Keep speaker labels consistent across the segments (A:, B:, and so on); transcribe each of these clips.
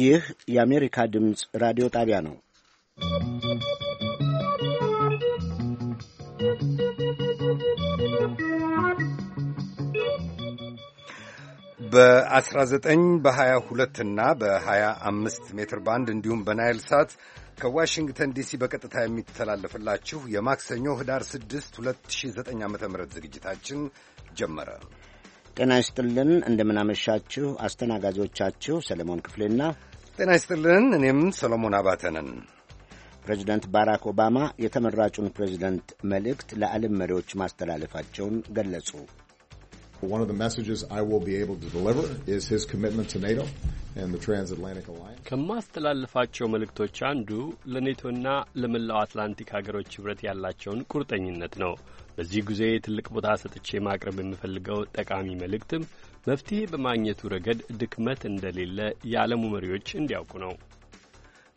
A: ይህ የአሜሪካ ድምፅ ራዲዮ ጣቢያ ነው።
B: በ19 በ22 እና በ25 ሜትር ባንድ እንዲሁም በናይል ሳት ከዋሽንግተን ዲሲ በቀጥታ የሚተላለፍላችሁ የማክሰኞ ህዳር 6 2009 ዓ ም ዝግጅታችን
A: ጀመረ። ጤና ይስጥልን። እንደምናመሻችሁ። አስተናጋጆቻችሁ ሰለሞን ክፍሌና ጤና ይስጥልን። እኔም ሰሎሞን አባተንን ፕሬዚደንት ባራክ ኦባማ የተመራጩን ፕሬዚደንት መልእክት ለዓለም መሪዎች ማስተላለፋቸውን ገለጹ።
C: ከማስተላልፋቸው መልእክቶች አንዱ ለኔቶና ለመላው አትላንቲክ ሀገሮች ኅብረት ያላቸውን ቁርጠኝነት ነው። በዚህ ጊዜ ትልቅ ቦታ ሰጥቼ ማቅረብ የምፈልገው ጠቃሚ መልእክትም መፍትሄ በማግኘቱ ረገድ ድክመት እንደሌለ የዓለሙ መሪዎች እንዲያውቁ ነው።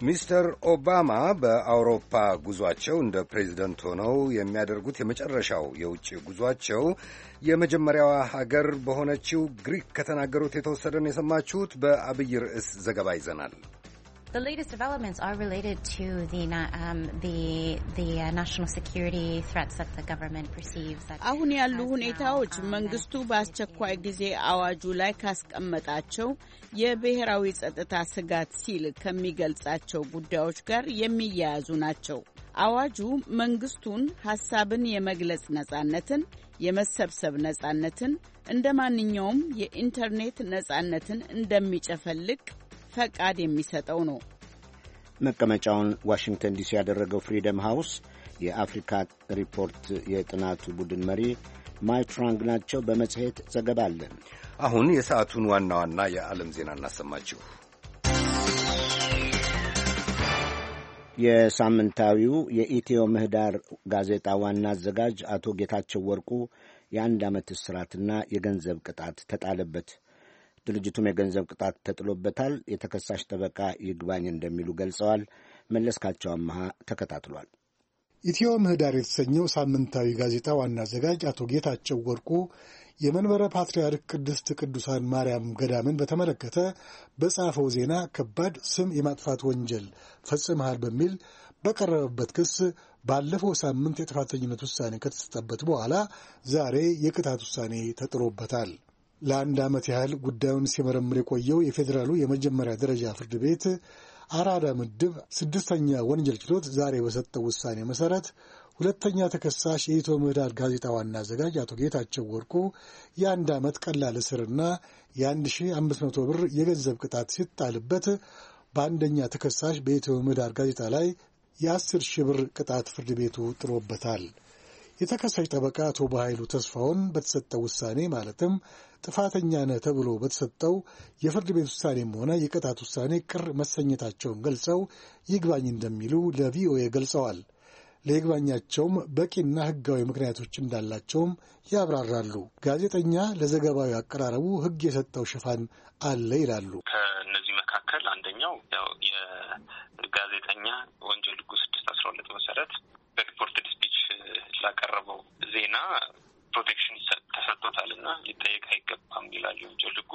B: ሚስተር ኦባማ በአውሮፓ ጉዟቸው እንደ ፕሬዚደንት ሆነው የሚያደርጉት የመጨረሻው የውጭ ጉዟቸው የመጀመሪያዋ ሀገር በሆነችው ግሪክ ከተናገሩት የተወሰደን የሰማችሁት። በአብይ ርዕስ ዘገባ ይዘናል።
D: The latest developments are related to the um, the the uh, national security threats that the government perceives that
E: አሁን ያሉ ሁኔታዎች um, መንግስቱ በአስቸኳይ ጊዜ አዋጁ ላይ ካስቀመጣቸው የብሔራዊ ጸጥታ ስጋት ሲል ከሚገልጻቸው ጉዳዮች ጋር የሚያያዙ ናቸው። አዋጁ መንግስቱን ሀሳብን የመግለጽ ነጻነትን፣ የመሰብሰብ ነጻነትን እንደ ማንኛውም የኢንተርኔት ነጻነትን እንደሚጨፈልቅ ፈቃድ የሚሰጠው ነው።
A: መቀመጫውን ዋሽንግተን ዲሲ ያደረገው ፍሪደም ሃውስ የአፍሪካ ሪፖርት የጥናቱ ቡድን መሪ ማይትራንግ ናቸው። በመጽሔት ዘገባ አለን። አሁን የሰዓቱን ዋና ዋና የዓለም ዜና እናሰማችሁ። የሳምንታዊው የኢትዮ ምህዳር ጋዜጣ ዋና አዘጋጅ አቶ ጌታቸው ወርቁ የአንድ ዓመት እስራትና የገንዘብ ቅጣት ተጣለበት። ድርጅቱም የገንዘብ ቅጣት ተጥሎበታል። የተከሳሽ ጠበቃ ይግባኝ እንደሚሉ ገልጸዋል። መለስካቸው አመሃ ተከታትሏል።
F: ኢትዮ ምህዳር የተሰኘው ሳምንታዊ ጋዜጣ ዋና አዘጋጅ አቶ ጌታቸው ወርቁ የመንበረ ፓትርያርክ ቅድስት ቅዱሳን ማርያም ገዳምን በተመለከተ በጻፈው ዜና ከባድ ስም የማጥፋት ወንጀል ፈጽመሃል በሚል በቀረበበት ክስ ባለፈው ሳምንት የጥፋተኝነት ውሳኔ ከተሰጠበት በኋላ ዛሬ የቅጣት ውሳኔ ተጥሎበታል። ለአንድ ዓመት ያህል ጉዳዩን ሲመረምር የቆየው የፌዴራሉ የመጀመሪያ ደረጃ ፍርድ ቤት አራዳ ምድብ ስድስተኛ ወንጀል ችሎት ዛሬ በሰጠው ውሳኔ መሠረት ሁለተኛ ተከሳሽ የኢትዮ ምህዳር ጋዜጣ ዋና አዘጋጅ አቶ ጌታቸው ወርቁ የአንድ ዓመት ቀላል እስርና የ1500 ብር የገንዘብ ቅጣት ሲጣልበት በአንደኛ ተከሳሽ በኢትዮ ምህዳር ጋዜጣ ላይ የ10 ሺህ ብር ቅጣት ፍርድ ቤቱ ጥሎበታል። የተከሳሽ ጠበቃ አቶ በኃይሉ ተስፋውን በተሰጠው ውሳኔ ማለትም ጥፋተኛ ነህ ተብሎ በተሰጠው የፍርድ ቤት ውሳኔም ሆነ የቅጣት ውሳኔ ቅር መሰኘታቸውን ገልጸው ይግባኝ እንደሚሉ ለቪኦኤ ገልጸዋል። ለይግባኛቸውም በቂና ሕጋዊ ምክንያቶች እንዳላቸውም ያብራራሉ። ጋዜጠኛ ለዘገባዊ አቀራረቡ ሕግ የሰጠው ሽፋን አለ ይላሉ።
G: ከእነዚህ መካከል አንደኛው ያው የጋዜጠኛ ወንጀል ሕጉ ስድስት አስራ ሁለት መሰረት በሪፖርትድ ስፒች ላቀረበው ዜና ፕሮቴክሽን ተሰጥቶታል እና ሊጠየቅ አይገባም ይላል የወንጀል ህጉ።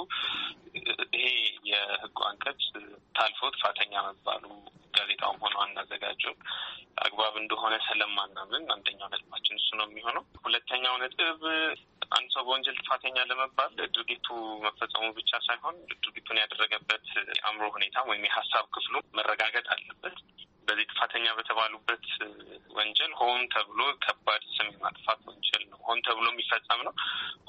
G: ይሄ የህጉ አንቀጽ ታልፎ ጥፋተኛ መባሉ ጋዜጣውም ሆኖ አናዘጋጀው አግባብ እንደሆነ ስለማናምን አንደኛው ነጥባችን እሱ ነው የሚሆነው። ሁለተኛው ነጥብ አንድ ሰው በወንጀል ጥፋተኛ ለመባል ድርጊቱ መፈጸሙ ብቻ ሳይሆን ድርጊቱን ያደረገበት የአእምሮ ሁኔታ ወይም የሀሳብ ክፍሉ መረጋገጥ አለበት። በዚህ ጥፋተኛ በተባሉበት ወንጀል ሆን ተብሎ ከባድ ስም የማጥፋት ወንጀል ሆን ተብሎ የሚፈጸም ነው።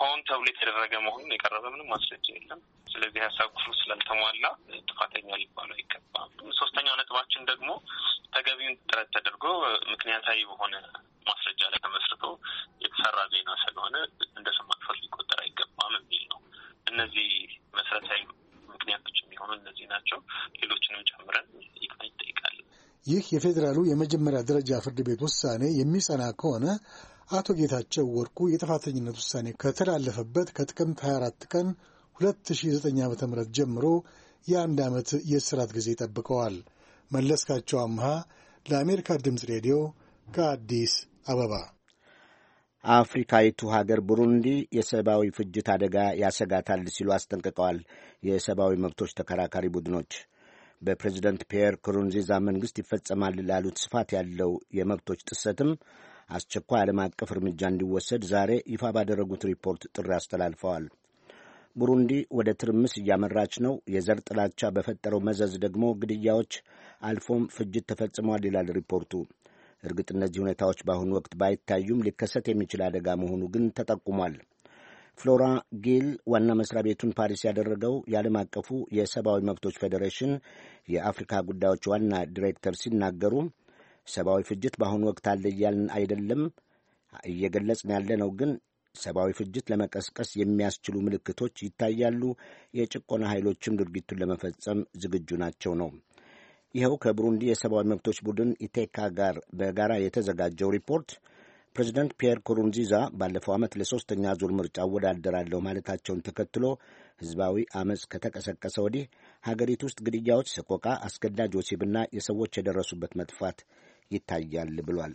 G: ሆን ተብሎ የተደረገ መሆኑን የቀረበ ምንም ማስረጃ የለም። ስለዚህ ሀሳብ ክፍሉ ስላልተሟላ ጥፋተኛ ሊባሉ አይገባም። ሶስተኛው ነጥባችን ደግሞ ተገቢውን ጥረት ተደርጎ ምክንያታዊ በሆነ ማስረጃ ላይ ተመስርቶ የተሰራ ዜና ስለሆነ እንደ ስም ማጥፋት ሊቆጠር አይገባም የሚል ነው። እነዚህ መሰረታዊ ምክንያቶች የሚሆኑ እነዚህ ናቸው። ሌሎችንም ጨምረን
F: ይጠይቃል። ይህ የፌዴራሉ የመጀመሪያ ደረጃ ፍርድ ቤት ውሳኔ የሚጸና ከሆነ አቶ ጌታቸው ወርቁ የጥፋተኝነት ውሳኔ ከተላለፈበት ከጥቅምት 24 ቀን 2009 ዓ ም ጀምሮ የአንድ ዓመት የእስራት ጊዜ ጠብቀዋል። መለስካቸው አምሃ ለአሜሪካ ድምፅ ሬዲዮ ከአዲስ አበባ።
A: አፍሪካዊቱ ሀገር ቡሩንዲ የሰብአዊ ፍጅት አደጋ ያሰጋታል ሲሉ አስጠንቅቀዋል የሰብአዊ መብቶች ተከራካሪ ቡድኖች። በፕሬዚደንት ፒየር ኩሩንዚዛ መንግሥት ይፈጸማል ላሉት ስፋት ያለው የመብቶች ጥሰትም አስቸኳይ ዓለም አቀፍ እርምጃ እንዲወሰድ ዛሬ ይፋ ባደረጉት ሪፖርት ጥሪ አስተላልፈዋል። ቡሩንዲ ወደ ትርምስ እያመራች ነው። የዘር ጥላቻ በፈጠረው መዘዝ ደግሞ ግድያዎች፣ አልፎም ፍጅት ተፈጽመዋል ይላል ሪፖርቱ። እርግጥ እነዚህ ሁኔታዎች በአሁኑ ወቅት ባይታዩም ሊከሰት የሚችል አደጋ መሆኑ ግን ተጠቁሟል። ፍሎራ ጊል ዋና መስሪያ ቤቱን ፓሪስ ያደረገው የዓለም አቀፉ የሰብአዊ መብቶች ፌዴሬሽን የአፍሪካ ጉዳዮች ዋና ዲሬክተር ሲናገሩ ሰብአዊ ፍጅት በአሁኑ ወቅት አለ እያልን አይደለም። እየገለጽን ያለ ነው ግን ሰብአዊ ፍጅት ለመቀስቀስ የሚያስችሉ ምልክቶች ይታያሉ። የጭቆና ኃይሎችም ድርጊቱን ለመፈጸም ዝግጁ ናቸው ነው። ይኸው ከቡሩንዲ የሰብአዊ መብቶች ቡድን ኢቴካ ጋር በጋራ የተዘጋጀው ሪፖርት ፕሬዚደንት ፒየር ኩሩንዚዛ ባለፈው ዓመት ለሦስተኛ ዙር ምርጫ አወዳደራለሁ ማለታቸውን ተከትሎ ሕዝባዊ አመፅ ከተቀሰቀሰ ወዲህ ሀገሪቱ ውስጥ ግድያዎች፣ ሰቆቃ፣ አስገዳጅ ወሲብና የሰዎች የደረሱበት መጥፋት ይታያል ብሏል።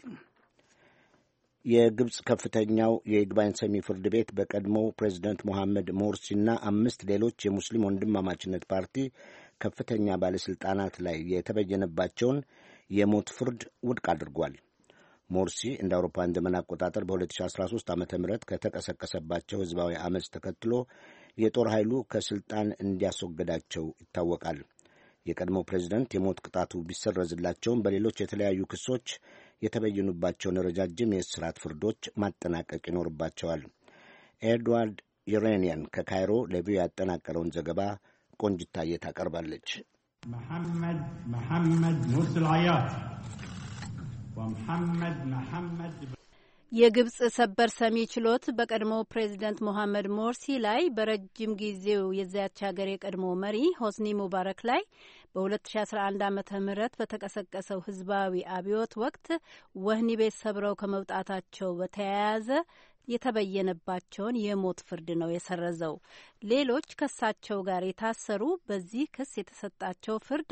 A: የግብፅ ከፍተኛው የይግባኝ ሰሚ ፍርድ ቤት በቀድሞው ፕሬዚደንት ሞሐመድ ሞርሲና አምስት ሌሎች የሙስሊም ወንድማማችነት ፓርቲ ከፍተኛ ባለሥልጣናት ላይ የተበየነባቸውን የሞት ፍርድ ውድቅ አድርጓል። ሞርሲ እንደ አውሮፓውያን ዘመን አቆጣጠር በ2013 ዓ ም ከተቀሰቀሰባቸው ሕዝባዊ አመፅ ተከትሎ የጦር ኃይሉ ከሥልጣን እንዲያስወገዳቸው ይታወቃል። የቀድሞ ፕሬዚደንት የሞት ቅጣቱ ቢሰረዝላቸውም በሌሎች የተለያዩ ክሶች የተበየኑባቸውን ረጃጅም የእስራት ፍርዶች ማጠናቀቅ ይኖርባቸዋል። ኤድዋርድ ዩሬኒያን ከካይሮ ለቪዮ ያጠናቀረውን ዘገባ ቆንጅታየ ታቀርባለች።
C: መሐመድ መሐመድ አያት ወመሐመድ
E: መሐመድ
D: የግብጽ ሰበር ሰሚ ችሎት በቀድሞ ፕሬዚደንት ሞሐመድ ሞርሲ ላይ በረጅም ጊዜው የዚያች ሀገር የቀድሞ መሪ ሆስኒ ሙባረክ ላይ በ2011 ዓ ም በተቀሰቀሰው ህዝባዊ አብዮት ወቅት ወህኒ ቤት ሰብረው ከመውጣታቸው በተያያዘ የተበየነባቸውን የሞት ፍርድ ነው የሰረዘው። ሌሎች ከሳቸው ጋር የታሰሩ በዚህ ክስ የተሰጣቸው ፍርድ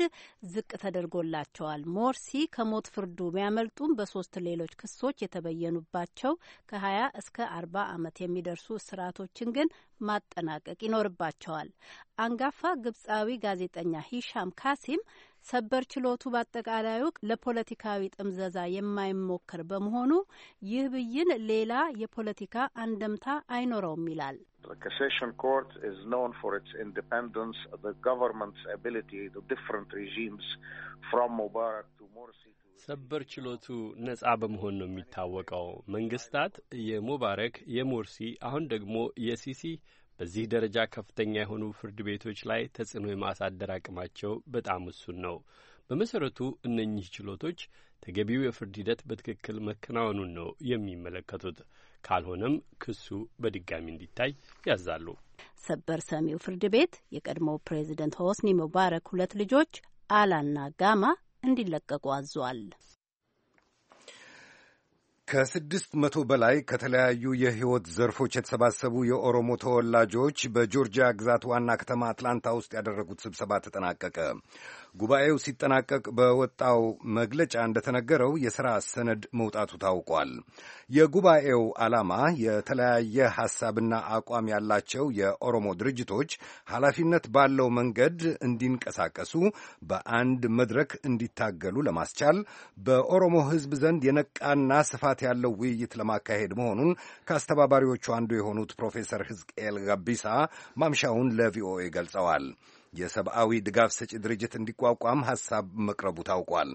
D: ዝቅ ተደርጎላቸዋል። ሞርሲ ከሞት ፍርዱ ቢያመልጡም በሶስት ሌሎች ክሶች የተበየኑባቸው ከሀያ እስከ አርባ ዓመት የሚደርሱ እስራቶችን ግን ማጠናቀቅ ይኖርባቸዋል። አንጋፋ ግብፃዊ ጋዜጠኛ ሂሻም ካሲም ሰበር ችሎቱ በአጠቃላዩ ለፖለቲካዊ ጥምዘዛ የማይሞክር በመሆኑ ይህ ብይን ሌላ የፖለቲካ አንደምታ አይኖረውም ይላል።
C: ሰበር ችሎቱ ነጻ በመሆን ነው የሚታወቀው። መንግስታት የሙባረክ የሞርሲ አሁን ደግሞ የሲሲ በዚህ ደረጃ ከፍተኛ የሆኑ ፍርድ ቤቶች ላይ ተጽዕኖ የማሳደር አቅማቸው በጣም ውሱን ነው። በመሰረቱ እነኚህ ችሎቶች ተገቢው የፍርድ ሂደት በትክክል መከናወኑን ነው የሚመለከቱት። ካልሆነም ክሱ በድጋሚ እንዲታይ ያዛሉ።
D: ሰበር ሰሚው ፍርድ ቤት የቀድሞው ፕሬዚደንት ሆስኒ ሙባረክ ሁለት ልጆች አላና ጋማ እንዲለቀቁ አዟል።
B: ከስድስት መቶ በላይ ከተለያዩ የሕይወት ዘርፎች የተሰባሰቡ የኦሮሞ ተወላጆች በጆርጂያ ግዛት ዋና ከተማ አትላንታ ውስጥ ያደረጉት ስብሰባ ተጠናቀቀ። ጉባኤው ሲጠናቀቅ በወጣው መግለጫ እንደተነገረው የሥራ ሰነድ መውጣቱ ታውቋል። የጉባኤው ዓላማ የተለያየ ሐሳብና አቋም ያላቸው የኦሮሞ ድርጅቶች ኃላፊነት ባለው መንገድ እንዲንቀሳቀሱ በአንድ መድረክ እንዲታገሉ ለማስቻል በኦሮሞ ሕዝብ ዘንድ የነቃና ስፋት ያለው ውይይት ለማካሄድ መሆኑን ከአስተባባሪዎቹ አንዱ የሆኑት ፕሮፌሰር ሕዝቅኤል ጋቢሳ ማምሻውን ለቪኦኤ ገልጸዋል። የሰብአዊ ድጋፍ ሰጪ ድርጅት እንዲቋቋም ሐሳብ መቅረቡ ታውቋል።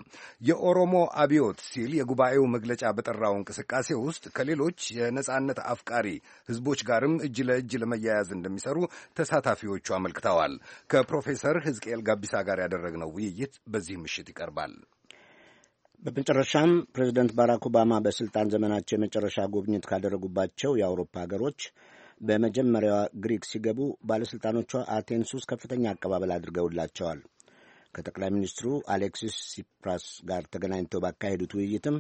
B: የኦሮሞ አብዮት ሲል የጉባኤው መግለጫ በጠራው እንቅስቃሴ ውስጥ ከሌሎች የነጻነት አፍቃሪ ህዝቦች ጋርም እጅ ለእጅ ለመያያዝ እንደሚሰሩ ተሳታፊዎቹ አመልክተዋል። ከፕሮፌሰር ህዝቅኤል ጋቢሳ ጋር ያደረግነው ውይይት በዚህ ምሽት ይቀርባል።
A: በመጨረሻም ፕሬዚደንት ባራክ ኦባማ በስልጣን ዘመናቸው የመጨረሻ ጉብኝት ካደረጉባቸው የአውሮፓ ሀገሮች በመጀመሪያዋ ግሪክ ሲገቡ ባለሥልጣኖቿ አቴንስ ውስጥ ከፍተኛ አቀባበል አድርገውላቸዋል። ከጠቅላይ ሚኒስትሩ አሌክሲስ ሲፕራስ ጋር ተገናኝተው ባካሄዱት ውይይትም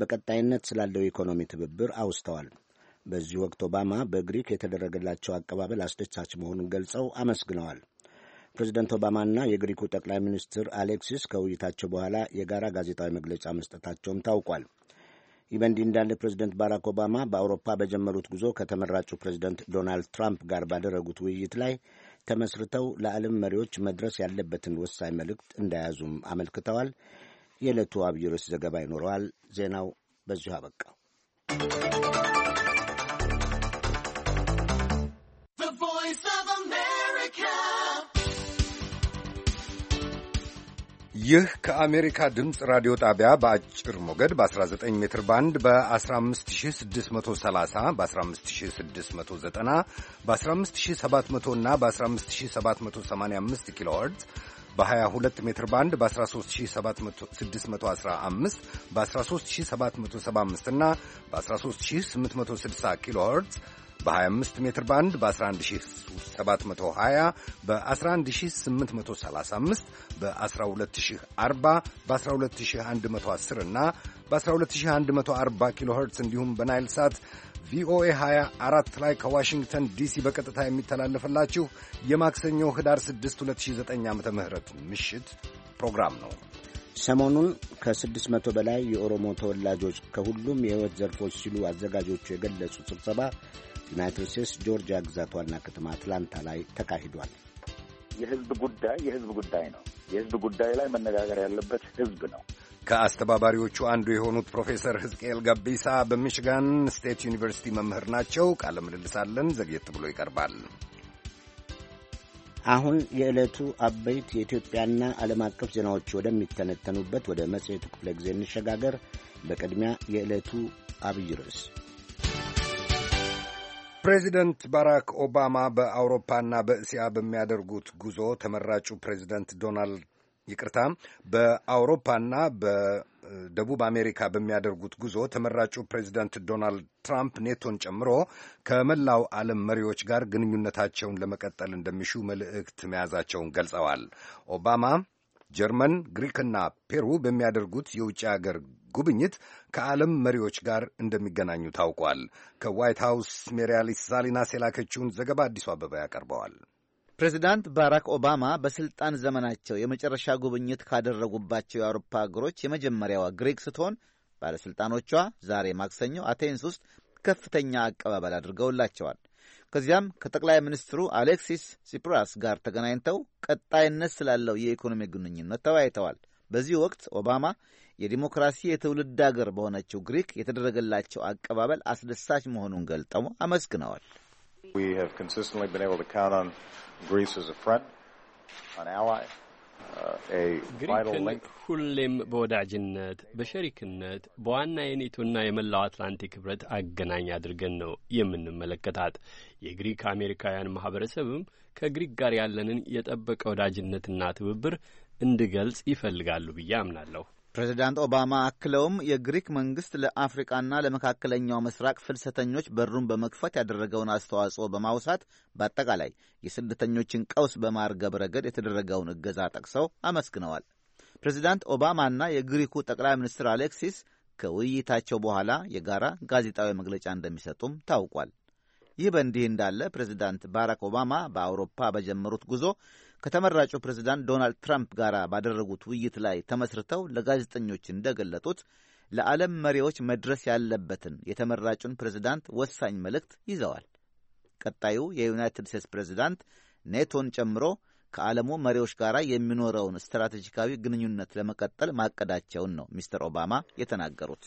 A: በቀጣይነት ስላለው የኢኮኖሚ ትብብር አውስተዋል። በዚህ ወቅት ኦባማ በግሪክ የተደረገላቸው አቀባበል አስደሳች መሆኑን ገልጸው አመስግነዋል። ፕሬዚደንት ኦባማና የግሪኩ ጠቅላይ ሚኒስትር አሌክሲስ ከውይይታቸው በኋላ የጋራ ጋዜጣዊ መግለጫ መስጠታቸውም ታውቋል። ይህ በእንዲህ እንዳለ ፕሬዚደንት ባራክ ኦባማ በአውሮፓ በጀመሩት ጉዞ ከተመራጩ ፕሬዚደንት ዶናልድ ትራምፕ ጋር ባደረጉት ውይይት ላይ ተመስርተው ለዓለም መሪዎች መድረስ ያለበትን ወሳኝ መልእክት እንደያዙም አመልክተዋል። የዕለቱ አብይ ርዕስ ዘገባ ይኖረዋል። ዜናው በዚሁ አበቃ።
B: ይህ ከአሜሪካ ድምፅ ራዲዮ ጣቢያ በአጭር ሞገድ በ19 ሜትር ባንድ በ15630 በ15690 በ15700 እና በ15785 ኪሎ በ22 ሜትር ባንድ በ13615 በ13775 እና በ13860 ኪሎ በ25 ሜትር ባንድ በ11720 በ11835 በ12040 በ12110 እና በ12140 ኪሎ ኸርትዝ እንዲሁም በናይል ሳት ቪኦኤ 24 ላይ ከዋሽንግተን ዲሲ በቀጥታ የሚተላለፍላችሁ የማክሰኞ ህዳር 6 2009 ዓ ም ምሽት ፕሮግራም
A: ነው። ሰሞኑን ከ600 በላይ የኦሮሞ ተወላጆች ከሁሉም የሕይወት ዘርፎች ሲሉ አዘጋጆቹ የገለጹት ስብሰባ ዩናይትድ ስቴትስ ጆርጂያ ግዛት ዋና ከተማ አትላንታ ላይ ተካሂዷል።
H: የህዝብ ጉዳይ የህዝብ ጉዳይ ነው። የህዝብ ጉዳይ ላይ መነጋገር ያለበት ህዝብ ነው።
B: ከአስተባባሪዎቹ አንዱ የሆኑት ፕሮፌሰር ህዝቅኤል ጋቢሳ በሚሽጋን ስቴት ዩኒቨርሲቲ መምህር ናቸው። ቃለ ምልልሳለን ዘግየት ብሎ ይቀርባል።
A: አሁን የዕለቱ አበይት የኢትዮጵያና ዓለም አቀፍ ዜናዎች ወደሚተነተኑበት ወደ መጽሔቱ ክፍለ ጊዜ እንሸጋገር። በቅድሚያ የዕለቱ አብይ ርዕስ ፕሬዚደንት ባራክ
B: ኦባማ በአውሮፓና በእስያ በሚያደርጉት ጉዞ ተመራጩ ፕሬዚደንት ዶናልድ ይቅርታ፣ በአውሮፓና በደቡብ አሜሪካ በሚያደርጉት ጉዞ ተመራጩ ፕሬዚደንት ዶናልድ ትራምፕ ኔቶን ጨምሮ ከመላው ዓለም መሪዎች ጋር ግንኙነታቸውን ለመቀጠል እንደሚሹ መልእክት መያዛቸውን ገልጸዋል። ኦባማ ጀርመን፣ ግሪክና ፔሩ በሚያደርጉት የውጭ አገር ጉብኝት ከዓለም መሪዎች ጋር እንደሚገናኙ ታውቋል። ከዋይት ሃውስ ሜሪያሊስ ሳሊናስ የላከችውን
I: ዘገባ አዲሱ አበባ ያቀርበዋል። ፕሬዚዳንት ባራክ ኦባማ በሥልጣን ዘመናቸው የመጨረሻ ጉብኝት ካደረጉባቸው የአውሮፓ አገሮች የመጀመሪያዋ ግሪክ ስትሆን ባለሥልጣኖቿ ዛሬ ማክሰኞ አቴንስ ውስጥ ከፍተኛ አቀባበል አድርገውላቸዋል። ከዚያም ከጠቅላይ ሚኒስትሩ አሌክሲስ ሲፕራስ ጋር ተገናኝተው ቀጣይነት ስላለው የኢኮኖሚ ግንኙነት ተወያይተዋል። በዚህ ወቅት ኦባማ የዲሞክራሲ የትውልድ አገር በሆነችው ግሪክ የተደረገላቸው አቀባበል አስደሳች መሆኑን ገልጠው አመስግነዋል።
H: uh,
B: ግሪክን
C: ሁሌም በወዳጅነት በሸሪክነት በዋና የኔቶና የመላው አትላንቲክ ህብረት አገናኝ አድርገን ነው የምንመለከታት። የግሪክ አሜሪካውያን ማህበረሰብም ከግሪክ ጋር ያለንን የጠበቀ ወዳጅነትና ትብብር እንድገልጽ ይፈልጋሉ ብዬ አምናለሁ።
I: ፕሬዚዳንት ኦባማ አክለውም የግሪክ መንግሥት ለአፍሪቃና ለመካከለኛው ምስራቅ ፍልሰተኞች በሩን በመክፈት ያደረገውን አስተዋጽኦ በማውሳት በአጠቃላይ የስደተኞችን ቀውስ በማርገብ ረገድ የተደረገውን እገዛ ጠቅሰው አመስግነዋል። ፕሬዚዳንት ኦባማና የግሪኩ ጠቅላይ ሚኒስትር አሌክሲስ ከውይይታቸው በኋላ የጋራ ጋዜጣዊ መግለጫ እንደሚሰጡም ታውቋል። ይህ በእንዲህ እንዳለ ፕሬዚዳንት ባራክ ኦባማ በአውሮፓ በጀመሩት ጉዞ ከተመራጩ ፕሬዚዳንት ዶናልድ ትራምፕ ጋር ባደረጉት ውይይት ላይ ተመስርተው ለጋዜጠኞች እንደገለጡት ለዓለም መሪዎች መድረስ ያለበትን የተመራጩን ፕሬዚዳንት ወሳኝ መልእክት ይዘዋል። ቀጣዩ የዩናይትድ ስቴትስ ፕሬዚዳንት ኔቶን ጨምሮ ከዓለሙ መሪዎች ጋር የሚኖረውን ስትራቴጂካዊ ግንኙነት ለመቀጠል ማቀዳቸውን ነው ሚስተር ኦባማ የተናገሩት።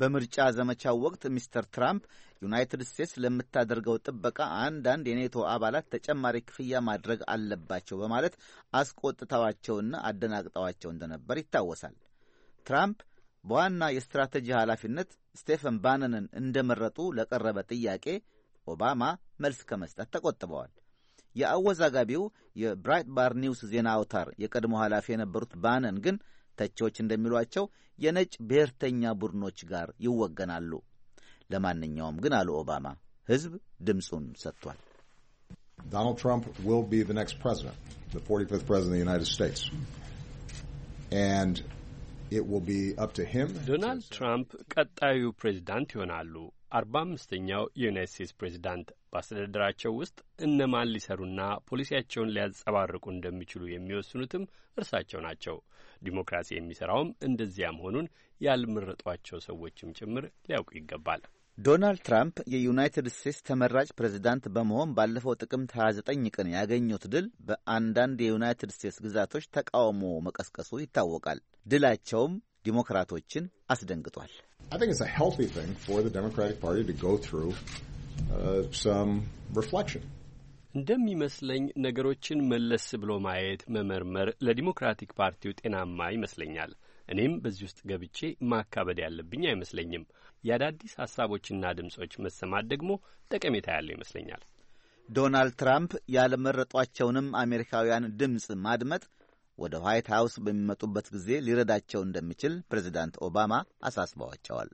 C: በምርጫ ዘመቻው ወቅት ሚስተር ትራምፕ ዩናይትድ ስቴትስ ለምታደርገው
I: ጥበቃ አንዳንድ የኔቶ አባላት ተጨማሪ ክፍያ ማድረግ አለባቸው በማለት አስቆጥተዋቸውና አደናግጠዋቸው እንደነበር ይታወሳል። ትራምፕ በዋና የስትራቴጂ ኃላፊነት ስቴፈን ባነንን እንደመረጡ ለቀረበ ጥያቄ ኦባማ መልስ ከመስጠት ተቆጥበዋል። የአወዛጋቢው ባር ኒውስ ዜና አውታር የቀድሞ ኃላፊ የነበሩት ባነን ግን ተቾች እንደሚሏቸው የነጭ ብሔርተኛ ቡድኖች ጋር ይወገናሉ። ለማንኛውም ግን አሉ ኦባማ፣ ህዝብ ድምፁን ሰጥቷል። ዶናልድ ትራምፕ ዊል ቢ ዘ ኔክስት ፕሬዚደንት ዘ 45th ፕሬዚደንት ዩናይትድ ስቴትስ ኤንድ
C: ዶናልድ ትራምፕ ቀጣዩ ፕሬዚዳንት ይሆናሉ። አርባ አምስተኛው የዩናይት ስቴትስ ፕሬዚዳንት በአስተዳደራቸው ውስጥ እነማን ሊሰሩና ፖሊሲያቸውን ሊያንጸባርቁ እንደሚችሉ የሚወስኑትም እርሳቸው ናቸው። ዲሞክራሲ የሚሰራውም እንደዚያ መሆኑን ያልመረጧቸው ሰዎችም ጭምር ሊያውቁ ይገባል።
I: ዶናልድ ትራምፕ የዩናይትድ ስቴትስ ተመራጭ ፕሬዚዳንት በመሆን ባለፈው ጥቅምት 29 ቀን ያገኙት ድል በአንዳንድ የዩናይትድ ስቴትስ ግዛቶች ተቃውሞ መቀስቀሱ ይታወቃል። ድላቸውም ዲሞክራቶችን አስደንግጧል። I think it's a healthy thing for the Democratic Party to go through uh, some reflection.
C: እንደሚመስለኝ ነገሮችን መለስ ብሎ ማየት መመርመር ለዲሞክራቲክ ፓርቲው ጤናማ ይመስለኛል። እኔም በዚህ ውስጥ ገብቼ ማካበድ ያለብኝ አይመስለኝም። የአዳዲስ ሀሳቦችና ድምጾች መሰማት ደግሞ ጠቀሜታ ያለው ይመስለኛል።
I: ዶናልድ ትራምፕ ያልመረጧቸውንም አሜሪካውያን ድምፅ ማድመጥ ወደ ዋይት ሀውስ በሚመጡበት ጊዜ ሊረዳቸው እንደሚችል ፕሬዚዳንት ኦባማ አሳስበዋቸዋል።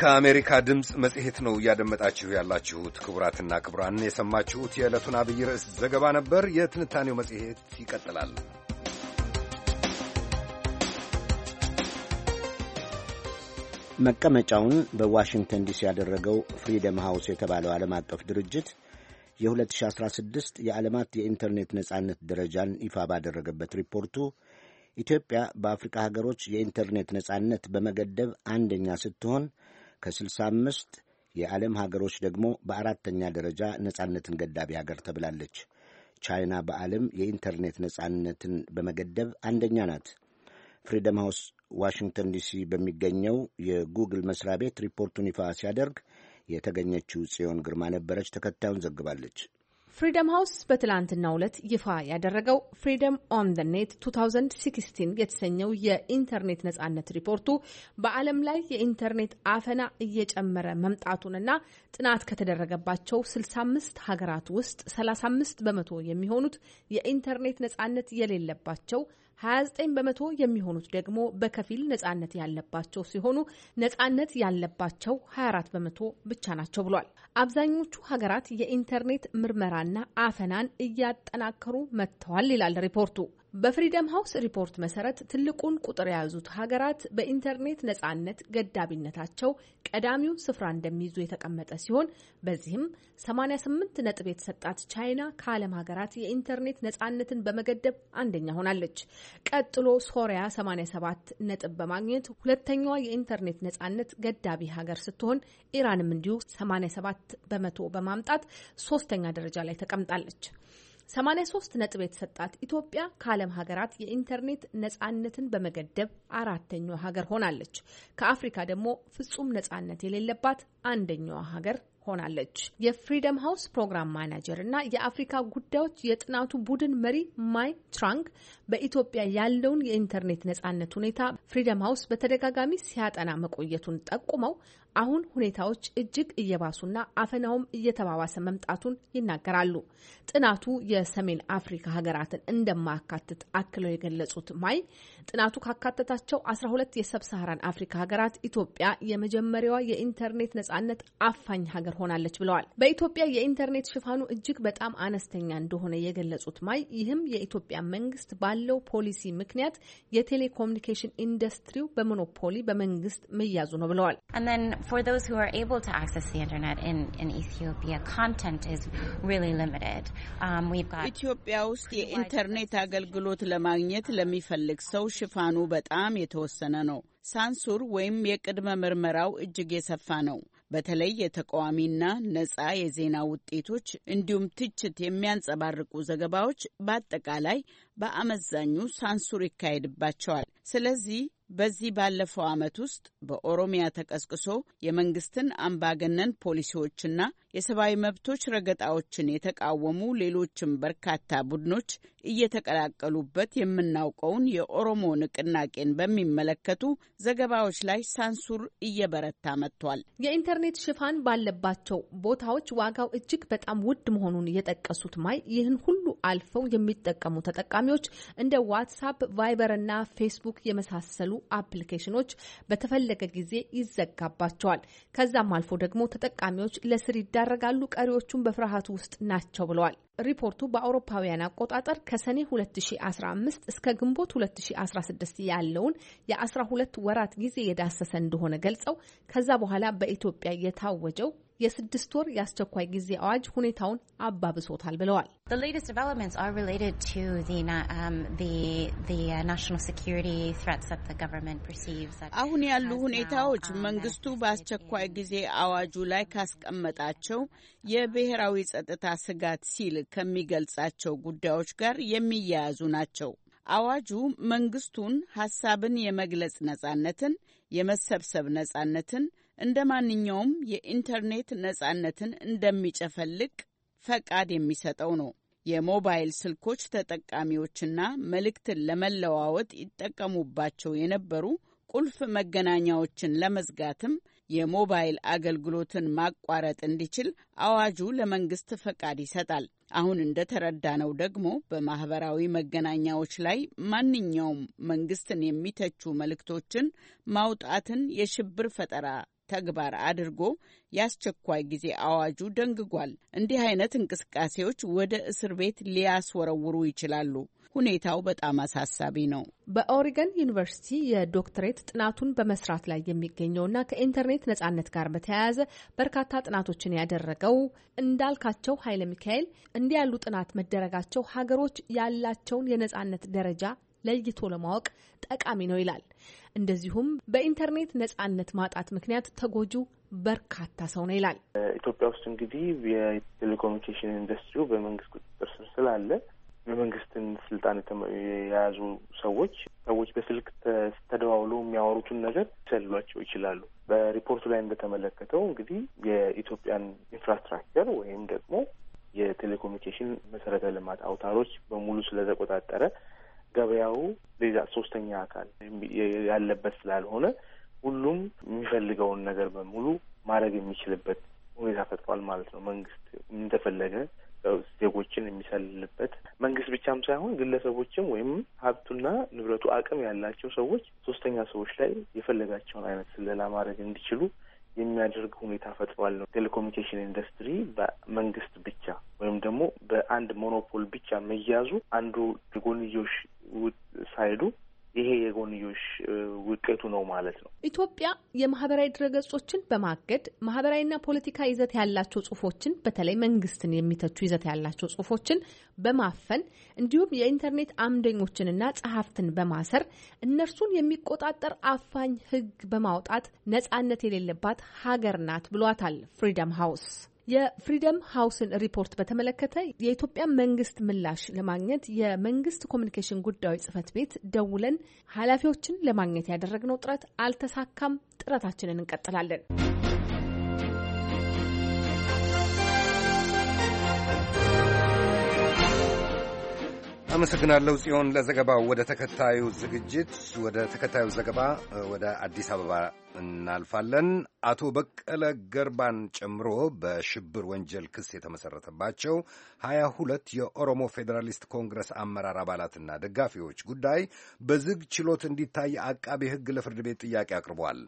B: ከአሜሪካ ድምፅ መጽሔት ነው እያደመጣችሁ ያላችሁት። ክቡራትና ክቡራን የሰማችሁት የዕለቱን አብይ ርዕስ ዘገባ ነበር። የትንታኔው መጽሔት ይቀጥላል።
A: መቀመጫውን በዋሽንግተን ዲሲ ያደረገው ፍሪደም ሃውስ የተባለው ዓለም አቀፍ ድርጅት የ2016 የዓለማት የኢንተርኔት ነጻነት ደረጃን ይፋ ባደረገበት ሪፖርቱ ኢትዮጵያ በአፍሪካ ሀገሮች የኢንተርኔት ነጻነት በመገደብ አንደኛ ስትሆን ከ65 የዓለም ሀገሮች ደግሞ በአራተኛ ደረጃ ነጻነትን ገዳቢ ሀገር ተብላለች። ቻይና በዓለም የኢንተርኔት ነጻነትን በመገደብ አንደኛ ናት። ፍሪደም ሃውስ ዋሽንግተን ዲሲ በሚገኘው የጉግል መስሪያ ቤት ሪፖርቱን ይፋ ሲያደርግ የተገኘችው ጽዮን ግርማ ነበረች። ተከታዩን ዘግባለች።
J: ፍሪደም ሃውስ በትላንትናው ዕለት ይፋ ያደረገው ፍሪደም ኦን ዘ ኔት 2016 የተሰኘው የኢንተርኔት ነጻነት ሪፖርቱ በዓለም ላይ የኢንተርኔት አፈና እየጨመረ መምጣቱንና ጥናት ከተደረገባቸው 65 ሀገራት ውስጥ 35 በመቶ የሚሆኑት የኢንተርኔት ነጻነት የሌለባቸው 29 በመቶ የሚሆኑት ደግሞ በከፊል ነጻነት ያለባቸው ሲሆኑ ነጻነት ያለባቸው 24 በመቶ ብቻ ናቸው ብሏል። አብዛኞቹ ሀገራት የኢንተርኔት ምርመራና አፈናን እያጠናከሩ መጥተዋል ይላል ሪፖርቱ። በፍሪደም ሀውስ ሪፖርት መሰረት ትልቁን ቁጥር የያዙት ሀገራት በኢንተርኔት ነጻነት ገዳቢነታቸው ቀዳሚው ስፍራ እንደሚይዙ የተቀመጠ ሲሆን በዚህም 88 ነጥብ የተሰጣት ቻይና ከዓለም ሀገራት የኢንተርኔት ነጻነትን በመገደብ አንደኛ ሆናለች። ቀጥሎ ሶሪያ 87 ነጥብ በማግኘት ሁለተኛዋ የኢንተርኔት ነጻነት ገዳቢ ሀገር ስትሆን ኢራንም እንዲሁ 87 በመቶ በማምጣት ሶስተኛ ደረጃ ላይ ተቀምጣለች። 83 ነጥብ የተሰጣት ኢትዮጵያ ከዓለም ሀገራት የኢንተርኔት ነጻነትን በመገደብ አራተኛዋ ሀገር ሆናለች። ከአፍሪካ ደግሞ ፍጹም ነጻነት የሌለባት አንደኛዋ ሀገር ሆናለች። የፍሪደም ሀውስ ፕሮግራም ማናጀር እና የአፍሪካ ጉዳዮች የጥናቱ ቡድን መሪ ማይ ትራንግ በኢትዮጵያ ያለውን የኢንተርኔት ነጻነት ሁኔታ ፍሪደም ሀውስ በተደጋጋሚ ሲያጠና መቆየቱን ጠቁመው አሁን ሁኔታዎች እጅግ እየባሱና አፈናውም እየተባባሰ መምጣቱን ይናገራሉ። ጥናቱ የሰሜን አፍሪካ ሀገራትን እንደማያካትት አክለው የገለጹት ማይ ጥናቱ ካካተታቸው 12 የሰብሳሃራን አፍሪካ ሀገራት ኢትዮጵያ የመጀመሪያዋ የኢንተርኔት ነጻነት አፋኝ ሀገር ሆናለች ብለዋል። በኢትዮጵያ የኢንተርኔት ሽፋኑ እጅግ በጣም አነስተኛ እንደሆነ የገለጹት ማይ ይህም የኢትዮጵያ መንግስት ባለው ፖሊሲ ምክንያት የቴሌኮሙኒኬሽን ኢንዱስትሪው በሞኖፖሊ በመንግስት መያዙ ነው ብለዋል።
D: for those who are able to access the internet in, in Ethiopia,
J: content is
D: really
E: limited. Um, we've got ኢትዮጵያ ውስጥ የኢንተርኔት አገልግሎት ለማግኘት ለሚፈልግ ሰው ሽፋኑ በጣም የተወሰነ ነው። ሳንሱር ወይም የቅድመ ምርመራው እጅግ የሰፋ ነው። በተለይ የተቃዋሚና ነጻ የዜና ውጤቶች እንዲሁም ትችት የሚያንጸባርቁ ዘገባዎች በአጠቃላይ በአመዛኙ ሳንሱር ይካሄድባቸዋል። ስለዚህ በዚህ ባለፈው ዓመት ውስጥ በኦሮሚያ ተቀስቅሶ የመንግስትን አምባገነን ፖሊሲዎችና የሰብአዊ መብቶች ረገጣዎችን የተቃወሙ ሌሎችም በርካታ ቡድኖች እየተቀላቀሉበት የምናውቀውን የኦሮሞ ንቅናቄን በሚመለከቱ ዘገባዎች ላይ ሳንሱር እየበረታ መጥቷል። የኢንተርኔት ሽፋን ባለባቸው ቦታዎች ዋጋው እጅግ በጣም
J: ውድ መሆኑን የጠቀሱት ማይ ይህን ሁሉ አልፈው የሚጠቀሙ ተጠቃሚዎች እንደ ዋትሳፕ፣ ቫይበር እና ፌስቡክ የመሳሰሉ አፕሊኬሽኖች በተፈለገ ጊዜ ይዘጋባቸዋል። ከዛም አልፎ ደግሞ ተጠቃሚዎች ለስር ይዳር ይዳረጋሉ፣ ቀሪዎቹም በፍርሃቱ ውስጥ ናቸው ብለዋል። ሪፖርቱ በአውሮፓውያን አቆጣጠር ከሰኔ 2015 እስከ ግንቦት 2016 ያለውን የ12 ወራት ጊዜ የዳሰሰ እንደሆነ ገልጸው ከዛ በኋላ በኢትዮጵያ የታወጀው የስድስት ወር የአስቸኳይ ጊዜ አዋጅ ሁኔታውን
E: አባብሶታል
J: ብለዋል።
D: um, uh,
E: አሁን ያሉ ሁኔታዎች um, መንግስቱ በአስቸኳይ ጊዜ አዋጁ ላይ ካስቀመጣቸው የብሔራዊ ጸጥታ ስጋት ሲል ከሚገልጻቸው ጉዳዮች ጋር የሚያያዙ ናቸው። አዋጁ መንግስቱን ሀሳብን የመግለጽ ነጻነትን፣ የመሰብሰብ ነጻነትን እንደ ማንኛውም የኢንተርኔት ነጻነትን እንደሚጨፈልቅ ፈቃድ የሚሰጠው ነው። የሞባይል ስልኮች ተጠቃሚዎችና መልእክትን ለመለዋወጥ ይጠቀሙባቸው የነበሩ ቁልፍ መገናኛዎችን ለመዝጋትም የሞባይል አገልግሎትን ማቋረጥ እንዲችል አዋጁ ለመንግስት ፈቃድ ይሰጣል። አሁን እንደተረዳነው ደግሞ በማህበራዊ መገናኛዎች ላይ ማንኛውም መንግስትን የሚተቹ መልእክቶችን ማውጣትን የሽብር ፈጠራ ተግባር አድርጎ የአስቸኳይ ጊዜ አዋጁ ደንግጓል። እንዲህ አይነት እንቅስቃሴዎች ወደ እስር ቤት ሊያስወረውሩ ይችላሉ። ሁኔታው በጣም አሳሳቢ ነው።
J: በኦሪገን ዩኒቨርሲቲ የዶክትሬት ጥናቱን በመስራት ላይ የሚገኘውና ከኢንተርኔት ነጻነት ጋር በተያያዘ በርካታ ጥናቶችን ያደረገው እንዳልካቸው ኃይለ ሚካኤል እንዲህ ያሉ ጥናት መደረጋቸው ሀገሮች ያላቸውን የነጻነት ደረጃ ለይቶ ለማወቅ ጠቃሚ ነው ይላል። እንደዚሁም በኢንተርኔት ነጻነት ማጣት ምክንያት ተጎጁ በርካታ ሰው ነው ይላል።
K: ኢትዮጵያ ውስጥ እንግዲህ የቴሌኮሙኒኬሽን ኢንዱስትሪው በመንግስት ቁጥጥር ስር ስላለ የመንግስትን ስልጣን የያዙ ሰዎች ሰዎች በስልክ ተደዋውሎ የሚያወሩትን ነገር ሊሰልሏቸው ይችላሉ። በሪፖርቱ ላይ እንደተመለከተው እንግዲህ የኢትዮጵያን ኢንፍራስትራክቸር ወይም ደግሞ የቴሌኮሙኒኬሽን መሰረተ ልማት አውታሮች በሙሉ ስለተቆጣጠረ ገበያው ሌላ ሶስተኛ አካል ያለበት ስላልሆነ ሁሉም የሚፈልገውን ነገር በሙሉ ማድረግ የሚችልበት ሁኔታ ፈጥሯል ማለት ነው። መንግስት እንደፈለገ ዜጎችን የሚሰልልበት መንግስት ብቻም ሳይሆን ግለሰቦችም ወይም ሀብቱና ንብረቱ አቅም ያላቸው ሰዎች ሶስተኛ ሰዎች ላይ የፈለጋቸውን አይነት ስለላ ማድረግ እንዲችሉ የሚያደርግ ሁኔታ ፈጥሯል ነው። ቴሌኮሙኒኬሽን ኢንዱስትሪ በመንግስት ብቻ ወይም ደግሞ በአንድ ሞኖፖል ብቻ መያዙ አንዱ የጎንዮሽ ሳይዱ ውድቀቱ ነው ማለት ነው።
J: ኢትዮጵያ የማህበራዊ ድረገጾችን በማገድ ማህበራዊና ፖለቲካ ይዘት ያላቸው ጽሁፎችን በተለይ መንግስትን የሚተቹ ይዘት ያላቸው ጽሁፎችን በማፈን እንዲሁም የኢንተርኔት አምደኞችንና ጸሐፍትን በማሰር እነርሱን የሚቆጣጠር አፋኝ ህግ በማውጣት ነጻነት የሌለባት ሀገር ናት ብሏታል ፍሪደም ሃውስ። የፍሪደም ሀውስን ሪፖርት በተመለከተ የኢትዮጵያ መንግስት ምላሽ ለማግኘት የመንግስት ኮሚኒኬሽን ጉዳዮች ጽህፈት ቤት ደውለን ኃላፊዎችን ለማግኘት ያደረግነው ጥረት አልተሳካም። ጥረታችንን እንቀጥላለን።
B: አመሰግናለሁ ጽዮን ለዘገባው። ወደ ተከታዩ ዝግጅት ወደ ተከታዩ ዘገባ ወደ አዲስ አበባ እናልፋለን። አቶ በቀለ ገርባን ጨምሮ በሽብር ወንጀል ክስ የተመሰረተባቸው ሀያ ሁለት የኦሮሞ ፌዴራሊስት ኮንግረስ አመራር አባላትና ደጋፊዎች ጉዳይ በዝግ ችሎት እንዲታይ አቃቢ ሕግ ለፍርድ ቤት ጥያቄ አቅርቧል።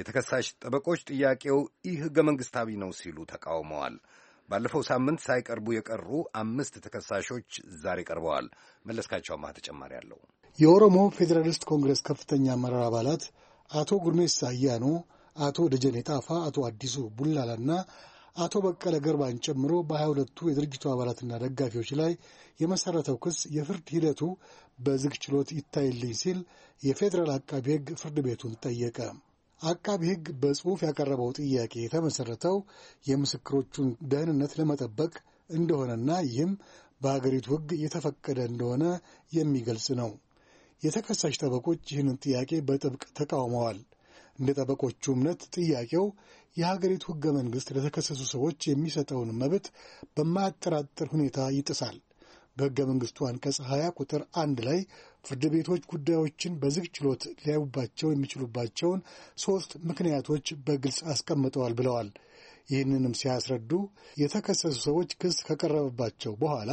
B: የተከሳሽ ጠበቆች ጥያቄው ኢ ሕገ መንግሥታዊ ነው ሲሉ ተቃውመዋል። ባለፈው ሳምንት ሳይቀርቡ የቀሩ አምስት ተከሳሾች ዛሬ ቀርበዋል። መለስካቸው አማህ ተጨማሪ አለው።
F: የኦሮሞ ፌዴራሊስት ኮንግረስ ከፍተኛ አመራር አባላት አቶ ጉርሜሳ አያኖ፣ አቶ ደጀኔ ጣፋ፣ አቶ አዲሱ ቡላላና አቶ በቀለ ገርባን ጨምሮ በሀያ ሁለቱ የድርጅቱ አባላትና ደጋፊዎች ላይ የመሠረተው ክስ የፍርድ ሂደቱ በዝግ ችሎት ይታይልኝ ሲል የፌዴራል አቃቢ ሕግ ፍርድ ቤቱን ጠየቀ። አቃቢ ሕግ በጽሑፍ ያቀረበው ጥያቄ የተመሠረተው የምስክሮቹን ደህንነት ለመጠበቅ እንደሆነና ይህም በአገሪቱ ሕግ የተፈቀደ እንደሆነ የሚገልጽ ነው። የተከሳሽ ጠበቆች ይህንን ጥያቄ በጥብቅ ተቃውመዋል። እንደ ጠበቆቹ እምነት ጥያቄው የሀገሪቱ ሕገ መንግሥት ለተከሰሱ ሰዎች የሚሰጠውን መብት በማያጠራጥር ሁኔታ ይጥሳል። በሕገ መንግሥቱ አንቀጽ 20 ቁጥር አንድ ላይ ፍርድ ቤቶች ጉዳዮችን በዝግ ችሎት ሊያዩባቸው የሚችሉባቸውን ሦስት ምክንያቶች በግልጽ አስቀምጠዋል ብለዋል። ይህንንም ሲያስረዱ የተከሰሱ ሰዎች ክስ ከቀረበባቸው በኋላ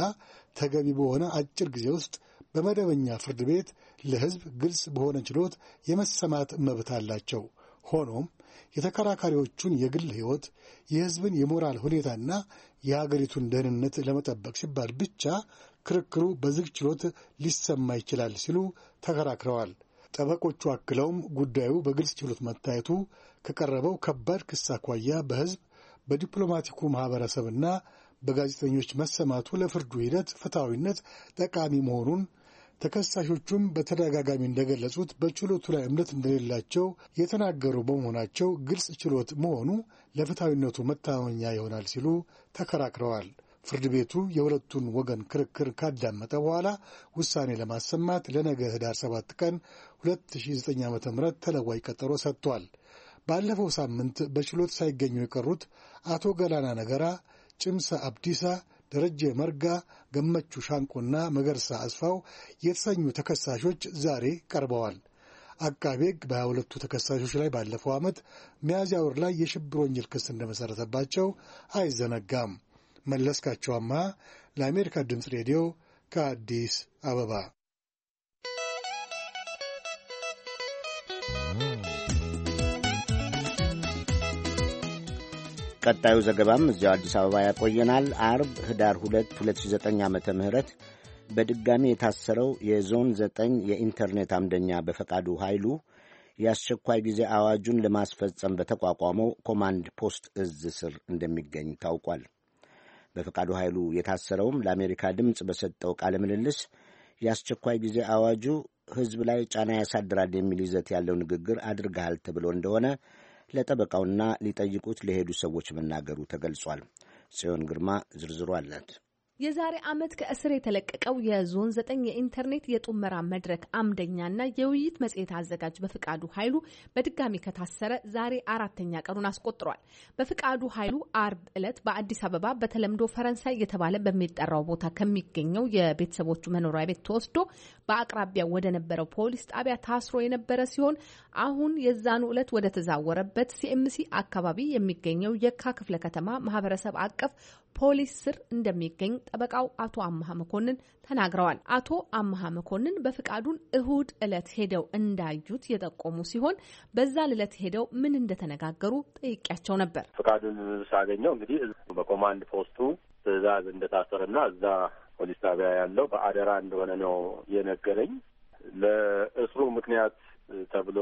F: ተገቢ በሆነ አጭር ጊዜ ውስጥ በመደበኛ ፍርድ ቤት ለሕዝብ ግልጽ በሆነ ችሎት የመሰማት መብት አላቸው። ሆኖም የተከራካሪዎቹን የግል ሕይወት፣ የሕዝብን የሞራል ሁኔታና የሀገሪቱን ደህንነት ለመጠበቅ ሲባል ብቻ ክርክሩ በዝግ ችሎት ሊሰማ ይችላል ሲሉ ተከራክረዋል። ጠበቆቹ አክለውም ጉዳዩ በግልጽ ችሎት መታየቱ ከቀረበው ከባድ ክስ አኳያ በሕዝብ በዲፕሎማቲኩ ማኅበረሰብና በጋዜጠኞች መሰማቱ ለፍርዱ ሂደት ፍትሐዊነት ጠቃሚ መሆኑን ተከሳሾቹም በተደጋጋሚ እንደገለጹት በችሎቱ ላይ እምነት እንደሌላቸው የተናገሩ በመሆናቸው ግልጽ ችሎት መሆኑ ለፍትሐዊነቱ መታመኛ ይሆናል ሲሉ ተከራክረዋል። ፍርድ ቤቱ የሁለቱን ወገን ክርክር ካዳመጠ በኋላ ውሳኔ ለማሰማት ለነገ ህዳር 7 ቀን 2009 ዓ ም ተለዋጭ ቀጠሮ ሰጥቷል። ባለፈው ሳምንት በችሎት ሳይገኙ የቀሩት አቶ ገላና ነገራ፣ ጭምሳ አብዲሳ፣ ደረጀ መርጋ፣ ገመቹ ሻንቆና መገርሳ አስፋው የተሰኙ ተከሳሾች ዛሬ ቀርበዋል። አቃቤ ሕግ በሃያ ሁለቱ ተከሳሾች ላይ ባለፈው ዓመት ሚያዝያ ወር ላይ የሽብር ወንጀል ክስ እንደመሠረተባቸው አይዘነጋም። መለስካቸው ለአሜሪካ ድምፅ ሬዲዮ ከአዲስ አበባ
A: ቀጣዩ ዘገባም እዚያው አዲስ አበባ ያቆየናል። አርብ ህዳር 2 2009 ዓ ም በድጋሚ የታሰረው የዞን 9 የኢንተርኔት አምደኛ በፈቃዱ ኃይሉ የአስቸኳይ ጊዜ አዋጁን ለማስፈጸም በተቋቋመው ኮማንድ ፖስት እዝ ስር እንደሚገኝ ታውቋል። በፈቃዱ ኃይሉ የታሰረውም ለአሜሪካ ድምፅ በሰጠው ቃለ ምልልስ የአስቸኳይ ጊዜ አዋጁ ሕዝብ ላይ ጫና ያሳድራል የሚል ይዘት ያለው ንግግር አድርገሃል ተብሎ እንደሆነ ለጠበቃውና ሊጠይቁት ለሄዱ ሰዎች መናገሩ ተገልጿል። ጽዮን ግርማ ዝርዝሩ አላት።
J: የዛሬ ዓመት ከእስር የተለቀቀው የዞን ዘጠኝ የኢንተርኔት የጡመራ መድረክ አምደኛና የውይይት መጽሔት አዘጋጅ በፍቃዱ ኃይሉ በድጋሚ ከታሰረ ዛሬ አራተኛ ቀኑን አስቆጥሯል። በፍቃዱ ኃይሉ አርብ ዕለት በአዲስ አበባ በተለምዶ ፈረንሳይ እየተባለ በሚጠራው ቦታ ከሚገኘው የቤተሰቦቹ መኖሪያ ቤት ተወስዶ በአቅራቢያው ወደ ነበረው ፖሊስ ጣቢያ ታስሮ የነበረ ሲሆን አሁን የዛኑ ዕለት ወደ ተዛወረበት ሲኤምሲ አካባቢ የሚገኘው የካ ክፍለ ከተማ ማህበረሰብ አቀፍ ፖሊስ ስር እንደሚገኝ ጠበቃው አቶ አመሀ መኮንን ተናግረዋል። አቶ አመሀ መኮንን በፍቃዱን እሁድ ዕለት ሄደው እንዳዩት የጠቆሙ ሲሆን በዛን ዕለት ሄደው ምን እንደተነጋገሩ ጠይቂያቸው ነበር።
L: ፍቃዱን ሳገኘው እንግዲህ በኮማንድ ፖስቱ ትዕዛዝ እንደታሰረና እዛ ፖሊስ ጣቢያ ያለው በአደራ እንደሆነ ነው የነገረኝ። ለእስሩ ምክንያት ተብሎ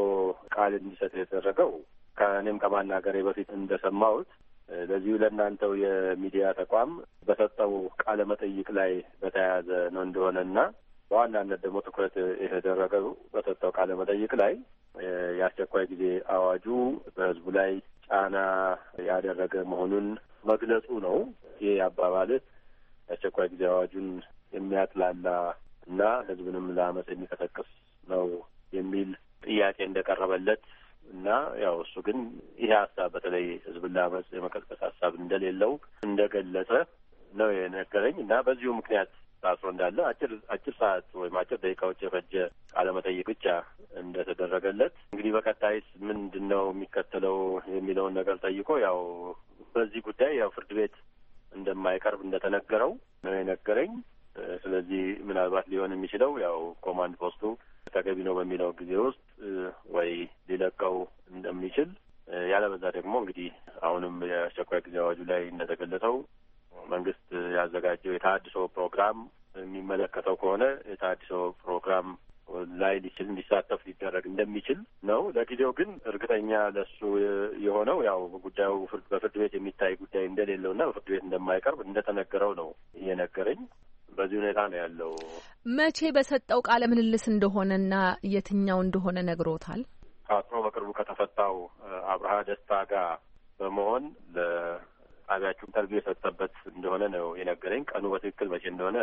L: ቃል እንዲሰጥ የተደረገው ከእኔም ከማናገሬ በፊት እንደሰማሁት ለዚሁ ለእናንተው የሚዲያ ተቋም በሰጠው ቃለ መጠይቅ ላይ በተያያዘ ነው እንደሆነና በዋናነት ደግሞ ትኩረት የተደረገው በሰጠው ቃለ መጠይቅ ላይ የአስቸኳይ ጊዜ አዋጁ በሕዝቡ ላይ ጫና ያደረገ መሆኑን መግለጹ ነው። ይህ አባባልህ የአስቸኳይ ጊዜ አዋጁን የሚያጥላላ እና ህዝብንም ለአመፅ የሚቀሰቅስ ነው የሚል ጥያቄ እንደቀረበለት እና ያው እሱ ግን ይሄ ሀሳብ በተለይ ህዝብን ለአመፅ የመቀስቀስ ሀሳብ እንደሌለው እንደገለጸ ነው የነገረኝ እና በዚሁ ምክንያት ታስሮ እንዳለ አጭር አጭር ሰዓት ወይም አጭር ደቂቃዎች የፈጀ ቃለ መጠይቅ ብቻ እንደተደረገለት እንግዲህ በቀጣይስ ምንድን ነው የሚከተለው የሚለውን ነገር ጠይቆ ያው በዚህ ጉዳይ ያው ፍርድ ቤት እንደማይቀርብ እንደተነገረው ነው የነገረኝ። ስለዚህ ምናልባት ሊሆን የሚችለው ያው ኮማንድ ፖስቱ ተገቢ ነው በሚለው ጊዜ ውስጥ ወይ ሊለቀው እንደሚችል ያለበዛ ደግሞ እንግዲህ አሁንም የአስቸኳይ ጊዜ አዋጁ ላይ እንደተገለጸው መንግስት ያዘጋጀው የተሃድሶ ፕሮግራም የሚመለከተው ከሆነ የተሃድሶ ፕሮግራም ላይ ሊችል እንዲሳተፍ ሊደረግ እንደሚችል ነው። ለጊዜው ግን እርግጠኛ ለሱ የሆነው ያው ጉዳዩ በፍርድ ቤት የሚታይ ጉዳይ እንደሌለው እና በፍርድ ቤት እንደማይቀርብ እንደተነገረው ነው እየነገረኝ በዚህ ሁኔታ ነው ያለው።
J: መቼ በሰጠው ቃለ ምልልስ እንደሆነና የትኛው እንደሆነ ነግሮታል።
L: ታስሮ በቅርቡ ከተፈታው አብርሃ ደስታ ጋር በመሆን ለ ጣቢያችሁ ኢንተርቪው የሰጠበት እንደሆነ ነው የነገረኝ። ቀኑ በትክክል መቼ እንደሆነ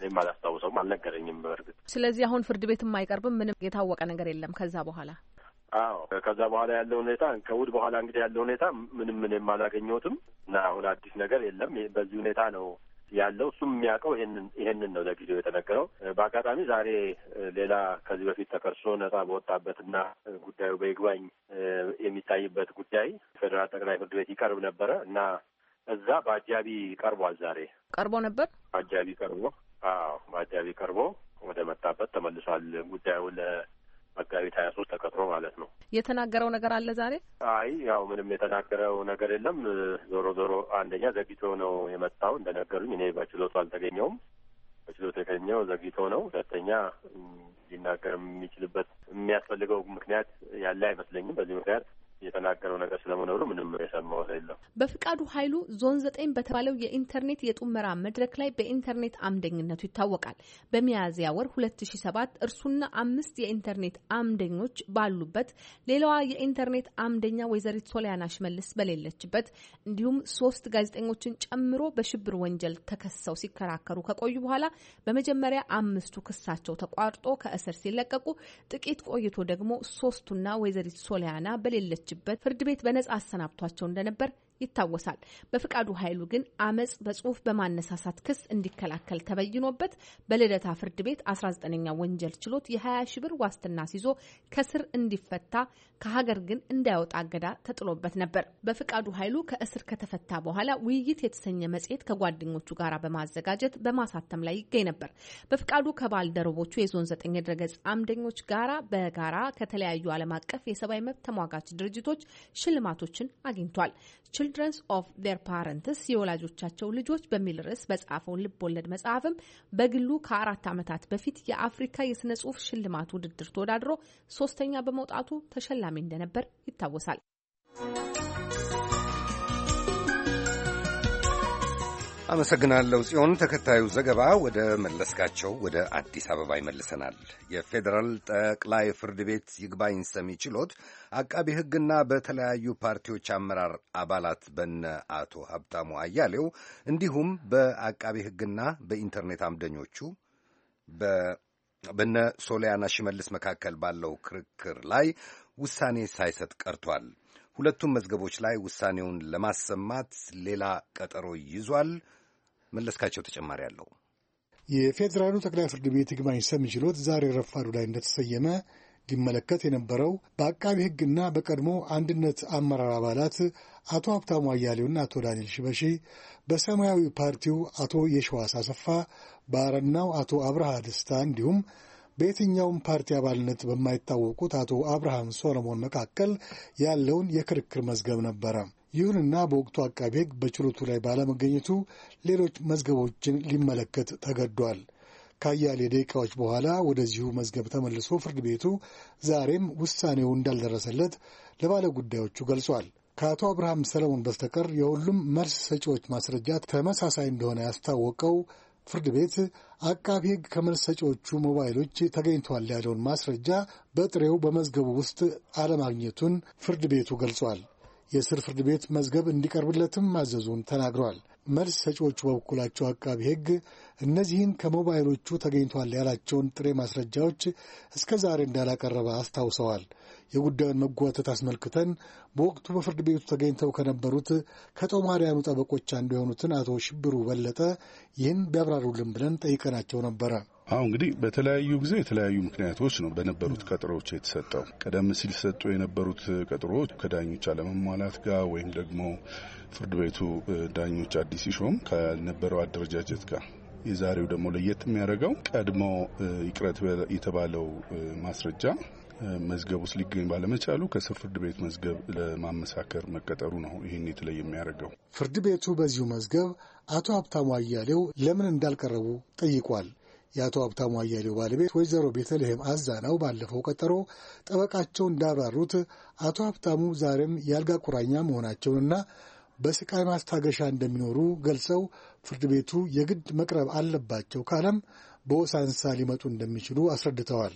L: እኔም አላስታውሰውም፣ አልነገረኝም በእርግጥ።
J: ስለዚህ አሁን ፍርድ ቤትም አይቀርብም፣ ምንም የታወቀ ነገር የለም ከዛ በኋላ
L: አዎ ከዛ በኋላ ያለው ሁኔታ ከእሑድ በኋላ እንግዲህ ያለው ሁኔታ ምንም ምንም አላገኘሁትም እና አሁን አዲስ ነገር የለም። በዚህ ሁኔታ ነው ያለው። እሱም የሚያውቀው ይሄንን ነው ለጊዜው የተነገረው። በአጋጣሚ ዛሬ ሌላ ከዚህ በፊት ተከርሶ ነጻ በወጣበትና ጉዳዩ በይግባኝ የሚታይበት ጉዳይ ፌዴራል ጠቅላይ ፍርድ ቤት ይቀርብ ነበረ እና እዛ በአጃቢ ቀርቧል። ዛሬ ቀርቦ ነበር። በአጃቢ ቀርቦ አዎ፣ በአጃቢ ቀርቦ ወደ መጣበት ተመልሷል። ጉዳዩ ለመጋቢት ሀያ ሶስት ተቀጥሮ ማለት ነው።
J: የተናገረው ነገር አለ ዛሬ?
L: አይ ያው ምንም የተናገረው ነገር የለም። ዞሮ ዞሮ አንደኛ ዘግይቶ ነው የመጣው እንደነገሩኝ። እኔ በችሎቱ አልተገኘውም። በችሎቱ የተገኘው ዘግይቶ ነው። ሁለተኛ ሊናገር የሚችልበት የሚያስፈልገው ምክንያት ያለ አይመስለኝም። በዚህ ምክንያት የተናገረው ነገር ስለመኖሩ ምንም የሰማሁት የለም።
J: በፍቃዱ ኃይሉ ዞን ዘጠኝ በተባለው የኢንተርኔት የጡመራ መድረክ ላይ በኢንተርኔት አምደኝነቱ ይታወቃል። በሚያዝያ ወር ሁለት ሺ ሰባት እርሱና አምስት የኢንተርኔት አምደኞች ባሉበት ሌላዋ የኢንተርኔት አምደኛ ወይዘሪት ሶሊያና ሽመልስ በሌለችበት እንዲሁም ሶስት ጋዜጠኞችን ጨምሮ በሽብር ወንጀል ተከሰው ሲከራከሩ ከቆዩ በኋላ በመጀመሪያ አምስቱ ክሳቸው ተቋርጦ ከእስር ሲለቀቁ ጥቂት ቆይቶ ደግሞ ሶስቱና ወይዘሪት ሶሊያና በሌለች በተፈረደችበት ፍርድ ቤት በነጻ አሰናብቷቸው እንደነበር ይታወሳል። በፍቃዱ ኃይሉ ግን አመፅ በጽሁፍ በማነሳሳት ክስ እንዲከላከል ተበይኖበት በልደታ ፍርድ ቤት 19ኛ ወንጀል ችሎት የ20 ሺ ብር ዋስትና ሲዞ ከስር እንዲፈታ ከሀገር ግን እንዳይወጣ አገዳ ተጥሎበት ነበር። በፍቃዱ ኃይሉ ከእስር ከተፈታ በኋላ ውይይት የተሰኘ መጽሔት ከጓደኞቹ ጋር በማዘጋጀት በማሳተም ላይ ይገኝ ነበር። በፍቃዱ ከባልደረቦቹ የዞን ዘጠኝ የድረገጽ አምደኞች ጋራ በጋራ ከተለያዩ ዓለም አቀፍ የሰብአዊ መብት ተሟጋች ድርጅቶች ሽልማቶችን አግኝቷል። ቺልድረንስ ኦፍ ዴር ፓረንትስ የወላጆቻቸው ልጆች በሚል ርዕስ በጻፈው ልብ ወለድ መጽሐፍም በግሉ ከአራት ዓመታት በፊት የአፍሪካ የሥነ ጽሑፍ ሽልማት ውድድር ተወዳድሮ ሶስተኛ በመውጣቱ ተሸላሚ እንደነበር ይታወሳል።
B: አመሰግናለሁ ጽዮን። ተከታዩ ዘገባ ወደ መለስካቸው ወደ አዲስ አበባ ይመልሰናል። የፌዴራል ጠቅላይ ፍርድ ቤት ይግባኝ ሰሚ ችሎት አቃቢ ሕግና በተለያዩ ፓርቲዎች አመራር አባላት በነ አቶ ሀብታሙ አያሌው እንዲሁም በአቃቢ ሕግና በኢንተርኔት አምደኞቹ በነ ሶሊያና ሽመልስ መካከል ባለው ክርክር ላይ ውሳኔ ሳይሰጥ ቀርቷል። ሁለቱም መዝገቦች ላይ ውሳኔውን ለማሰማት ሌላ ቀጠሮ ይዟል። መለስካቸው ተጨማሪ አለው።
F: የፌዴራሉ ጠቅላይ ፍርድ ቤት ይግባኝ ሰሚ ችሎት ዛሬ ረፋዱ ላይ እንደተሰየመ ሊመለከት የነበረው በአቃቢ ሕግና በቀድሞ አንድነት አመራር አባላት አቶ ሀብታሙ አያሌውና አቶ ዳንኤል ሽበሺ፣ በሰማያዊ ፓርቲው አቶ የሸዋስ አሰፋ፣ በአረናው አቶ አብርሃ ደስታ እንዲሁም በየትኛውም ፓርቲ አባልነት በማይታወቁት አቶ አብርሃም ሶሎሞን መካከል ያለውን የክርክር መዝገብ ነበረ። ይሁንና በወቅቱ አቃቢ ሕግ በችሎቱ ላይ ባለመገኘቱ ሌሎች መዝገቦችን ሊመለከት ተገዷል። ከአያሌ ደቂቃዎች በኋላ ወደዚሁ መዝገብ ተመልሶ ፍርድ ቤቱ ዛሬም ውሳኔው እንዳልደረሰለት ለባለ ጉዳዮቹ ገልጿል። ከአቶ አብርሃም ሰለሞን በስተቀር የሁሉም መልስ ሰጪዎች ማስረጃ ተመሳሳይ እንደሆነ ያስታወቀው ፍርድ ቤት አቃቢ ሕግ ከመልስ ሰጪዎቹ ሞባይሎች ተገኝቷል ያለውን ማስረጃ በጥሬው በመዝገቡ ውስጥ አለማግኘቱን ፍርድ ቤቱ ገልጿል። የስር ፍርድ ቤት መዝገብ እንዲቀርብለትም ማዘዙን ተናግረዋል። መልስ ሰጪዎቹ በበኩላቸው አቃቢ ሕግ እነዚህን ከሞባይሎቹ ተገኝቷል ያላቸውን ጥሬ ማስረጃዎች እስከ ዛሬ እንዳላቀረበ አስታውሰዋል። የጉዳዩን መጓተት አስመልክተን በወቅቱ በፍርድ ቤቱ ተገኝተው ከነበሩት ከጦማርያኑ ጠበቆች አንዱ የሆኑትን አቶ ሽብሩ በለጠ ይህን ቢያብራሩልን ብለን ጠይቀናቸው ነበረ።
M: አሁ እንግዲህ በተለያዩ ጊዜ የተለያዩ ምክንያቶች ነው በነበሩት ቀጠሮዎች የተሰጠው። ቀደም ሲል ሰጡ የነበሩት ቀጠሮዎች ከዳኞች አለመሟላት ጋር ወይም ደግሞ ፍርድ ቤቱ ዳኞች አዲስ ሲሾም ከነበረው አደረጃጀት ጋር የዛሬው ደግሞ ለየት የሚያደርገው ቀድሞ ይቅረት የተባለው ማስረጃ መዝገብ ውስጥ ሊገኝ ባለመቻሉ ከስር ፍርድ ቤት መዝገብ ለማመሳከር መቀጠሩ ነው ይህን የተለየ የሚያደርገው።
F: ፍርድ ቤቱ በዚሁ መዝገብ አቶ ሀብታሙ አያሌው ለምን እንዳልቀረቡ ጠይቋል። የአቶ ሀብታሙ አያሌው ባለቤት ወይዘሮ ቤተልሔም አዛናው ባለፈው ቀጠሮ ጠበቃቸው እንዳብራሩት አቶ ሀብታሙ ዛሬም የአልጋ ቁራኛ መሆናቸውንና በስቃይ ማስታገሻ እንደሚኖሩ ገልጸው ፍርድ ቤቱ የግድ መቅረብ አለባቸው ካለም በወሳንሳ ሊመጡ እንደሚችሉ አስረድተዋል።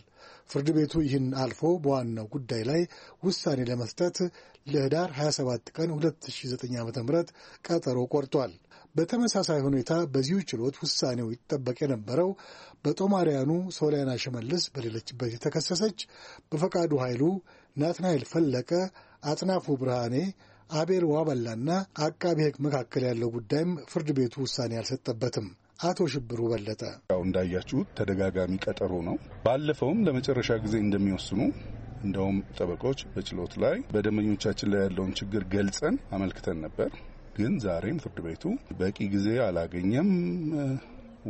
F: ፍርድ ቤቱ ይህን አልፎ በዋናው ጉዳይ ላይ ውሳኔ ለመስጠት ለህዳር 27 ቀን 2009 ዓ ም ቀጠሮ ቆርጧል። በተመሳሳይ ሁኔታ በዚሁ ችሎት ውሳኔው ይጠበቅ የነበረው በጦማርያኑ ሶሊያና ሽመልስ በሌለችበት የተከሰሰች በፈቃዱ ኃይሉ፣ ናትናኤል ፈለቀ፣ አጥናፉ ብርሃኔ፣ አቤል ዋበላና አቃቢ ሕግ መካከል ያለው ጉዳይም ፍርድ ቤቱ ውሳኔ አልሰጠበትም። አቶ ሽብሩ በለጠ
M: ያው እንዳያችሁት ተደጋጋሚ ቀጠሮ ነው። ባለፈውም ለመጨረሻ ጊዜ እንደሚወስኑ እንደውም ጠበቆች በችሎት ላይ በደንበኞቻችን ላይ ያለውን ችግር ገልጸን አመልክተን ነበር። ግን ዛሬም ፍርድ ቤቱ በቂ ጊዜ አላገኘም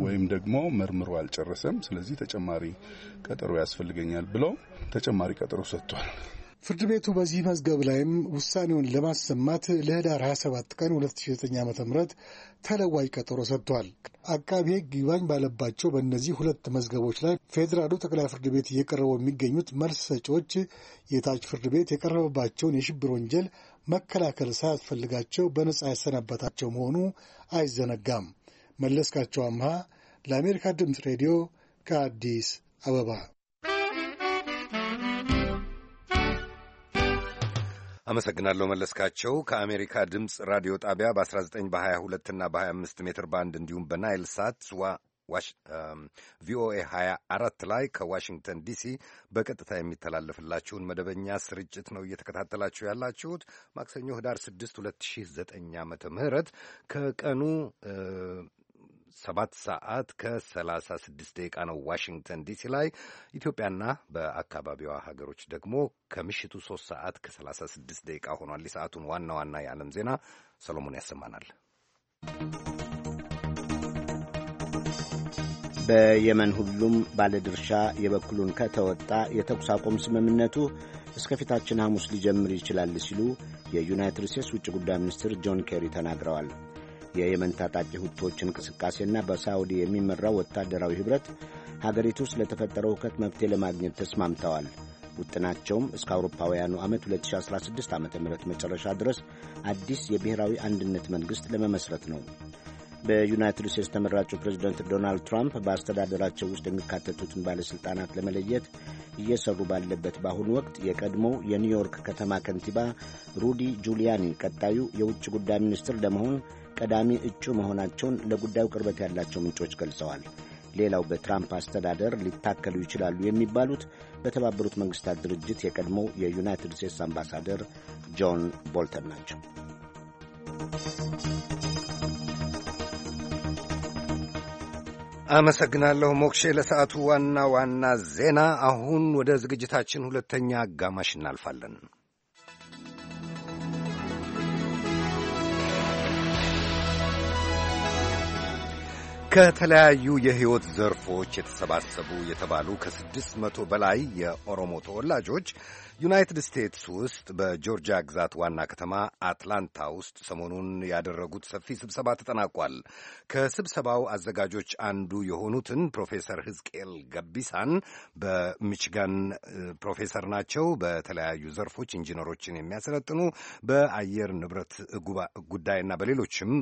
M: ወይም ደግሞ መርምሮ አልጨረሰም፣ ስለዚህ ተጨማሪ ቀጠሮ ያስፈልገኛል ብሎ ተጨማሪ ቀጠሮ ሰጥቷል።
F: ፍርድ ቤቱ በዚህ መዝገብ ላይም ውሳኔውን ለማሰማት ለህዳር 27 ቀን 2009 ዓ ም ተለዋጭ ቀጠሮ ሰጥቷል። አቃቢ ሕግ ይግባኝ ባለባቸው በእነዚህ ሁለት መዝገቦች ላይ ፌዴራሉ ጠቅላይ ፍርድ ቤት እየቀረቡ የሚገኙት መልስ ሰጪዎች የታች ፍርድ ቤት የቀረበባቸውን የሽብር ወንጀል መከላከል ሳያስፈልጋቸው በነጻ ያሰናበታቸው መሆኑ አይዘነጋም። መለስካቸው አምሃ ለአሜሪካ ድምፅ ሬዲዮ ከአዲስ አበባ
B: አመሰግናለሁ መለስካቸው። ከአሜሪካ ድምፅ ራዲዮ ጣቢያ በ19 በ22 እና በ25 ሜትር ባንድ እንዲሁም በናይል ሳት ቪኦኤ 24 ላይ ከዋሽንግተን ዲሲ በቀጥታ የሚተላለፍላችሁን መደበኛ ስርጭት ነው እየተከታተላችሁ ያላችሁት። ማክሰኞ ህዳር 6 2009 ዓ ምህረት ከቀኑ ሰባት ሰዓት ከ ስድስት ደቂቃ ነው ዋሽንግተን ዲሲ ላይ። ኢትዮጵያና በአካባቢዋ ሀገሮች ደግሞ ከምሽቱ ሶስት ሰዓት ከ ስድስት ደቂቃ ሆኗል። የሰዓቱን ዋና ዋና የዓለም ዜና ሰሎሞን ያሰማናል።
A: በየመን ሁሉም ባለድርሻ የበኩሉን ከተወጣ የተኩስ አቁም ስምምነቱ እስከፊታችን ሐሙስ ሊጀምር ይችላል ሲሉ የዩናይትድ ስቴትስ ውጭ ጉዳይ ሚኒስትር ጆን ኬሪ ተናግረዋል። የየመን ታጣቂ ሁቶች እንቅስቃሴና በሳዑዲ የሚመራው ወታደራዊ ኅብረት ሀገሪቱ ውስጥ ለተፈጠረው ሁከት መፍትሄ ለማግኘት ተስማምተዋል። ውጥናቸውም እስከ አውሮፓውያኑ ዓመት 2016 ዓ ም መጨረሻ ድረስ አዲስ የብሔራዊ አንድነት መንግሥት ለመመስረት ነው። በዩናይትድ ስቴትስ ተመራጩ ፕሬዚደንት ዶናልድ ትራምፕ በአስተዳደራቸው ውስጥ የሚካተቱትን ባለሥልጣናት ለመለየት እየሰሩ ባለበት በአሁኑ ወቅት የቀድሞው የኒውዮርክ ከተማ ከንቲባ ሩዲ ጁሊያኒ ቀጣዩ የውጭ ጉዳይ ሚኒስትር ለመሆን ቀዳሚ እጩ መሆናቸውን ለጉዳዩ ቅርበት ያላቸው ምንጮች ገልጸዋል። ሌላው በትራምፕ አስተዳደር ሊታከሉ ይችላሉ የሚባሉት በተባበሩት መንግስታት ድርጅት የቀድሞው የዩናይትድ ስቴትስ አምባሳደር ጆን ቦልተን ናቸው።
B: አመሰግናለሁ ሞክሼ። ለሰዓቱ ዋና ዋና ዜና። አሁን ወደ ዝግጅታችን ሁለተኛ አጋማሽ እናልፋለን። ከተለያዩ የሕይወት ዘርፎች የተሰባሰቡ የተባሉ ከስድስት መቶ በላይ የኦሮሞ ተወላጆች ዩናይትድ ስቴትስ ውስጥ በጆርጂያ ግዛት ዋና ከተማ አትላንታ ውስጥ ሰሞኑን ያደረጉት ሰፊ ስብሰባ ተጠናቋል። ከስብሰባው አዘጋጆች አንዱ የሆኑትን ፕሮፌሰር ህዝቅኤል ገቢሳን በሚችጋን ፕሮፌሰር ናቸው። በተለያዩ ዘርፎች ኢንጂነሮችን የሚያሰለጥኑ በአየር ንብረት ጉዳይና በሌሎችም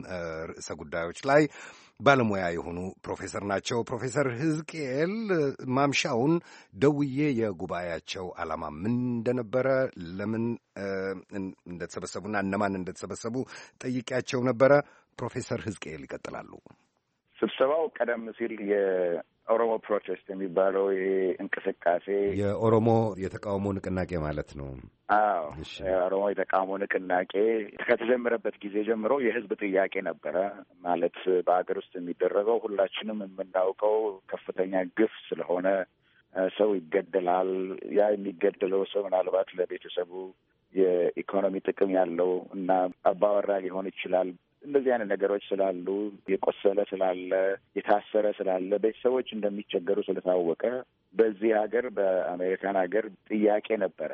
B: ርዕሰ ጉዳዮች ላይ ባለሙያ የሆኑ ፕሮፌሰር ናቸው። ፕሮፌሰር ህዝቅኤል ማምሻውን ደውዬ የጉባኤያቸው ዓላማ ምን እንደነበረ ለምን እንደተሰበሰቡና እነማን እንደተሰበሰቡ ጠይቄያቸው ነበረ። ፕሮፌሰር ህዝቅኤል ይቀጥላሉ።
H: ስብሰባው ቀደም ሲል የኦሮሞ ፕሮቴስት የሚባለው ይሄ እንቅስቃሴ የኦሮሞ
B: የተቃውሞ ንቅናቄ ማለት ነው።
H: አዎ የኦሮሞ የተቃውሞ ንቅናቄ ከተጀመረበት ጊዜ ጀምሮ የህዝብ ጥያቄ ነበረ። ማለት በሀገር ውስጥ የሚደረገው ሁላችንም የምናውቀው ከፍተኛ ግፍ ስለሆነ ሰው ይገደላል። ያ የሚገደለው ሰው ምናልባት ለቤተሰቡ የኢኮኖሚ ጥቅም ያለው እና አባወራ ሊሆን ይችላል። እንደዚህ አይነት ነገሮች ስላሉ የቆሰለ ስላለ የታሰረ ስላለ ቤተሰቦች እንደሚቸገሩ ስለታወቀ በዚህ ሀገር በአሜሪካን ሀገር ጥያቄ ነበረ።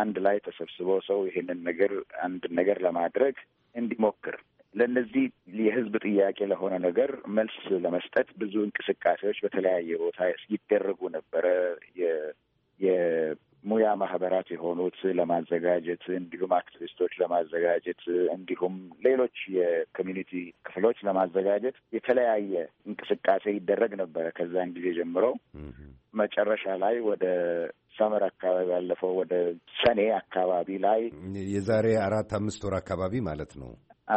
H: አንድ ላይ ተሰብስቦ ሰው ይሄንን ነገር አንድ ነገር ለማድረግ እንዲሞክር ለእነዚህ የህዝብ ጥያቄ ለሆነ ነገር መልስ ለመስጠት ብዙ እንቅስቃሴዎች በተለያየ ቦታ ይደረጉ ነበረ። ሙያ ማህበራት የሆኑት ለማዘጋጀት እንዲሁም አክቲቪስቶች ለማዘጋጀት እንዲሁም ሌሎች የኮሚኒቲ ክፍሎች ለማዘጋጀት የተለያየ እንቅስቃሴ ይደረግ ነበረ። ከዛን ጊዜ ጀምሮ መጨረሻ ላይ ወደ ሰመር አካባቢ ያለፈው ወደ ሰኔ አካባቢ ላይ
B: የዛሬ አራት አምስት ወር አካባቢ ማለት ነው።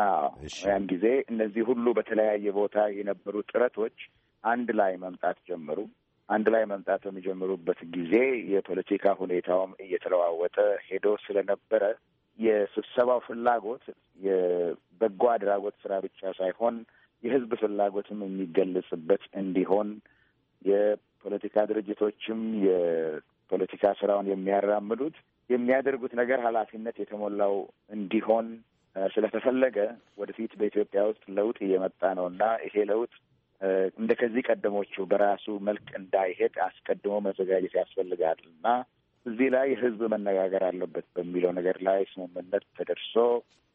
H: አዎ ያን ጊዜ እነዚህ ሁሉ በተለያየ ቦታ የነበሩ ጥረቶች አንድ ላይ መምጣት ጀመሩ። አንድ ላይ መምጣት በሚጀምሩበት ጊዜ የፖለቲካ ሁኔታውም እየተለዋወጠ ሄዶ ስለነበረ የስብሰባው ፍላጎት የበጎ አድራጎት ስራ ብቻ ሳይሆን የህዝብ ፍላጎትም የሚገለጽበት እንዲሆን የፖለቲካ ድርጅቶችም የፖለቲካ ስራውን የሚያራምዱት የሚያደርጉት ነገር ኃላፊነት የተሞላው እንዲሆን ስለተፈለገ ወደፊት በኢትዮጵያ ውስጥ ለውጥ እየመጣ ነው እና ይሄ ለውጥ እንደ ከዚህ ቀደሞቹ በራሱ መልክ እንዳይሄድ አስቀድሞ መዘጋጀት ያስፈልጋል እና እዚህ ላይ ህዝብ መነጋገር አለበት በሚለው ነገር ላይ ስምምነት ተደርሶ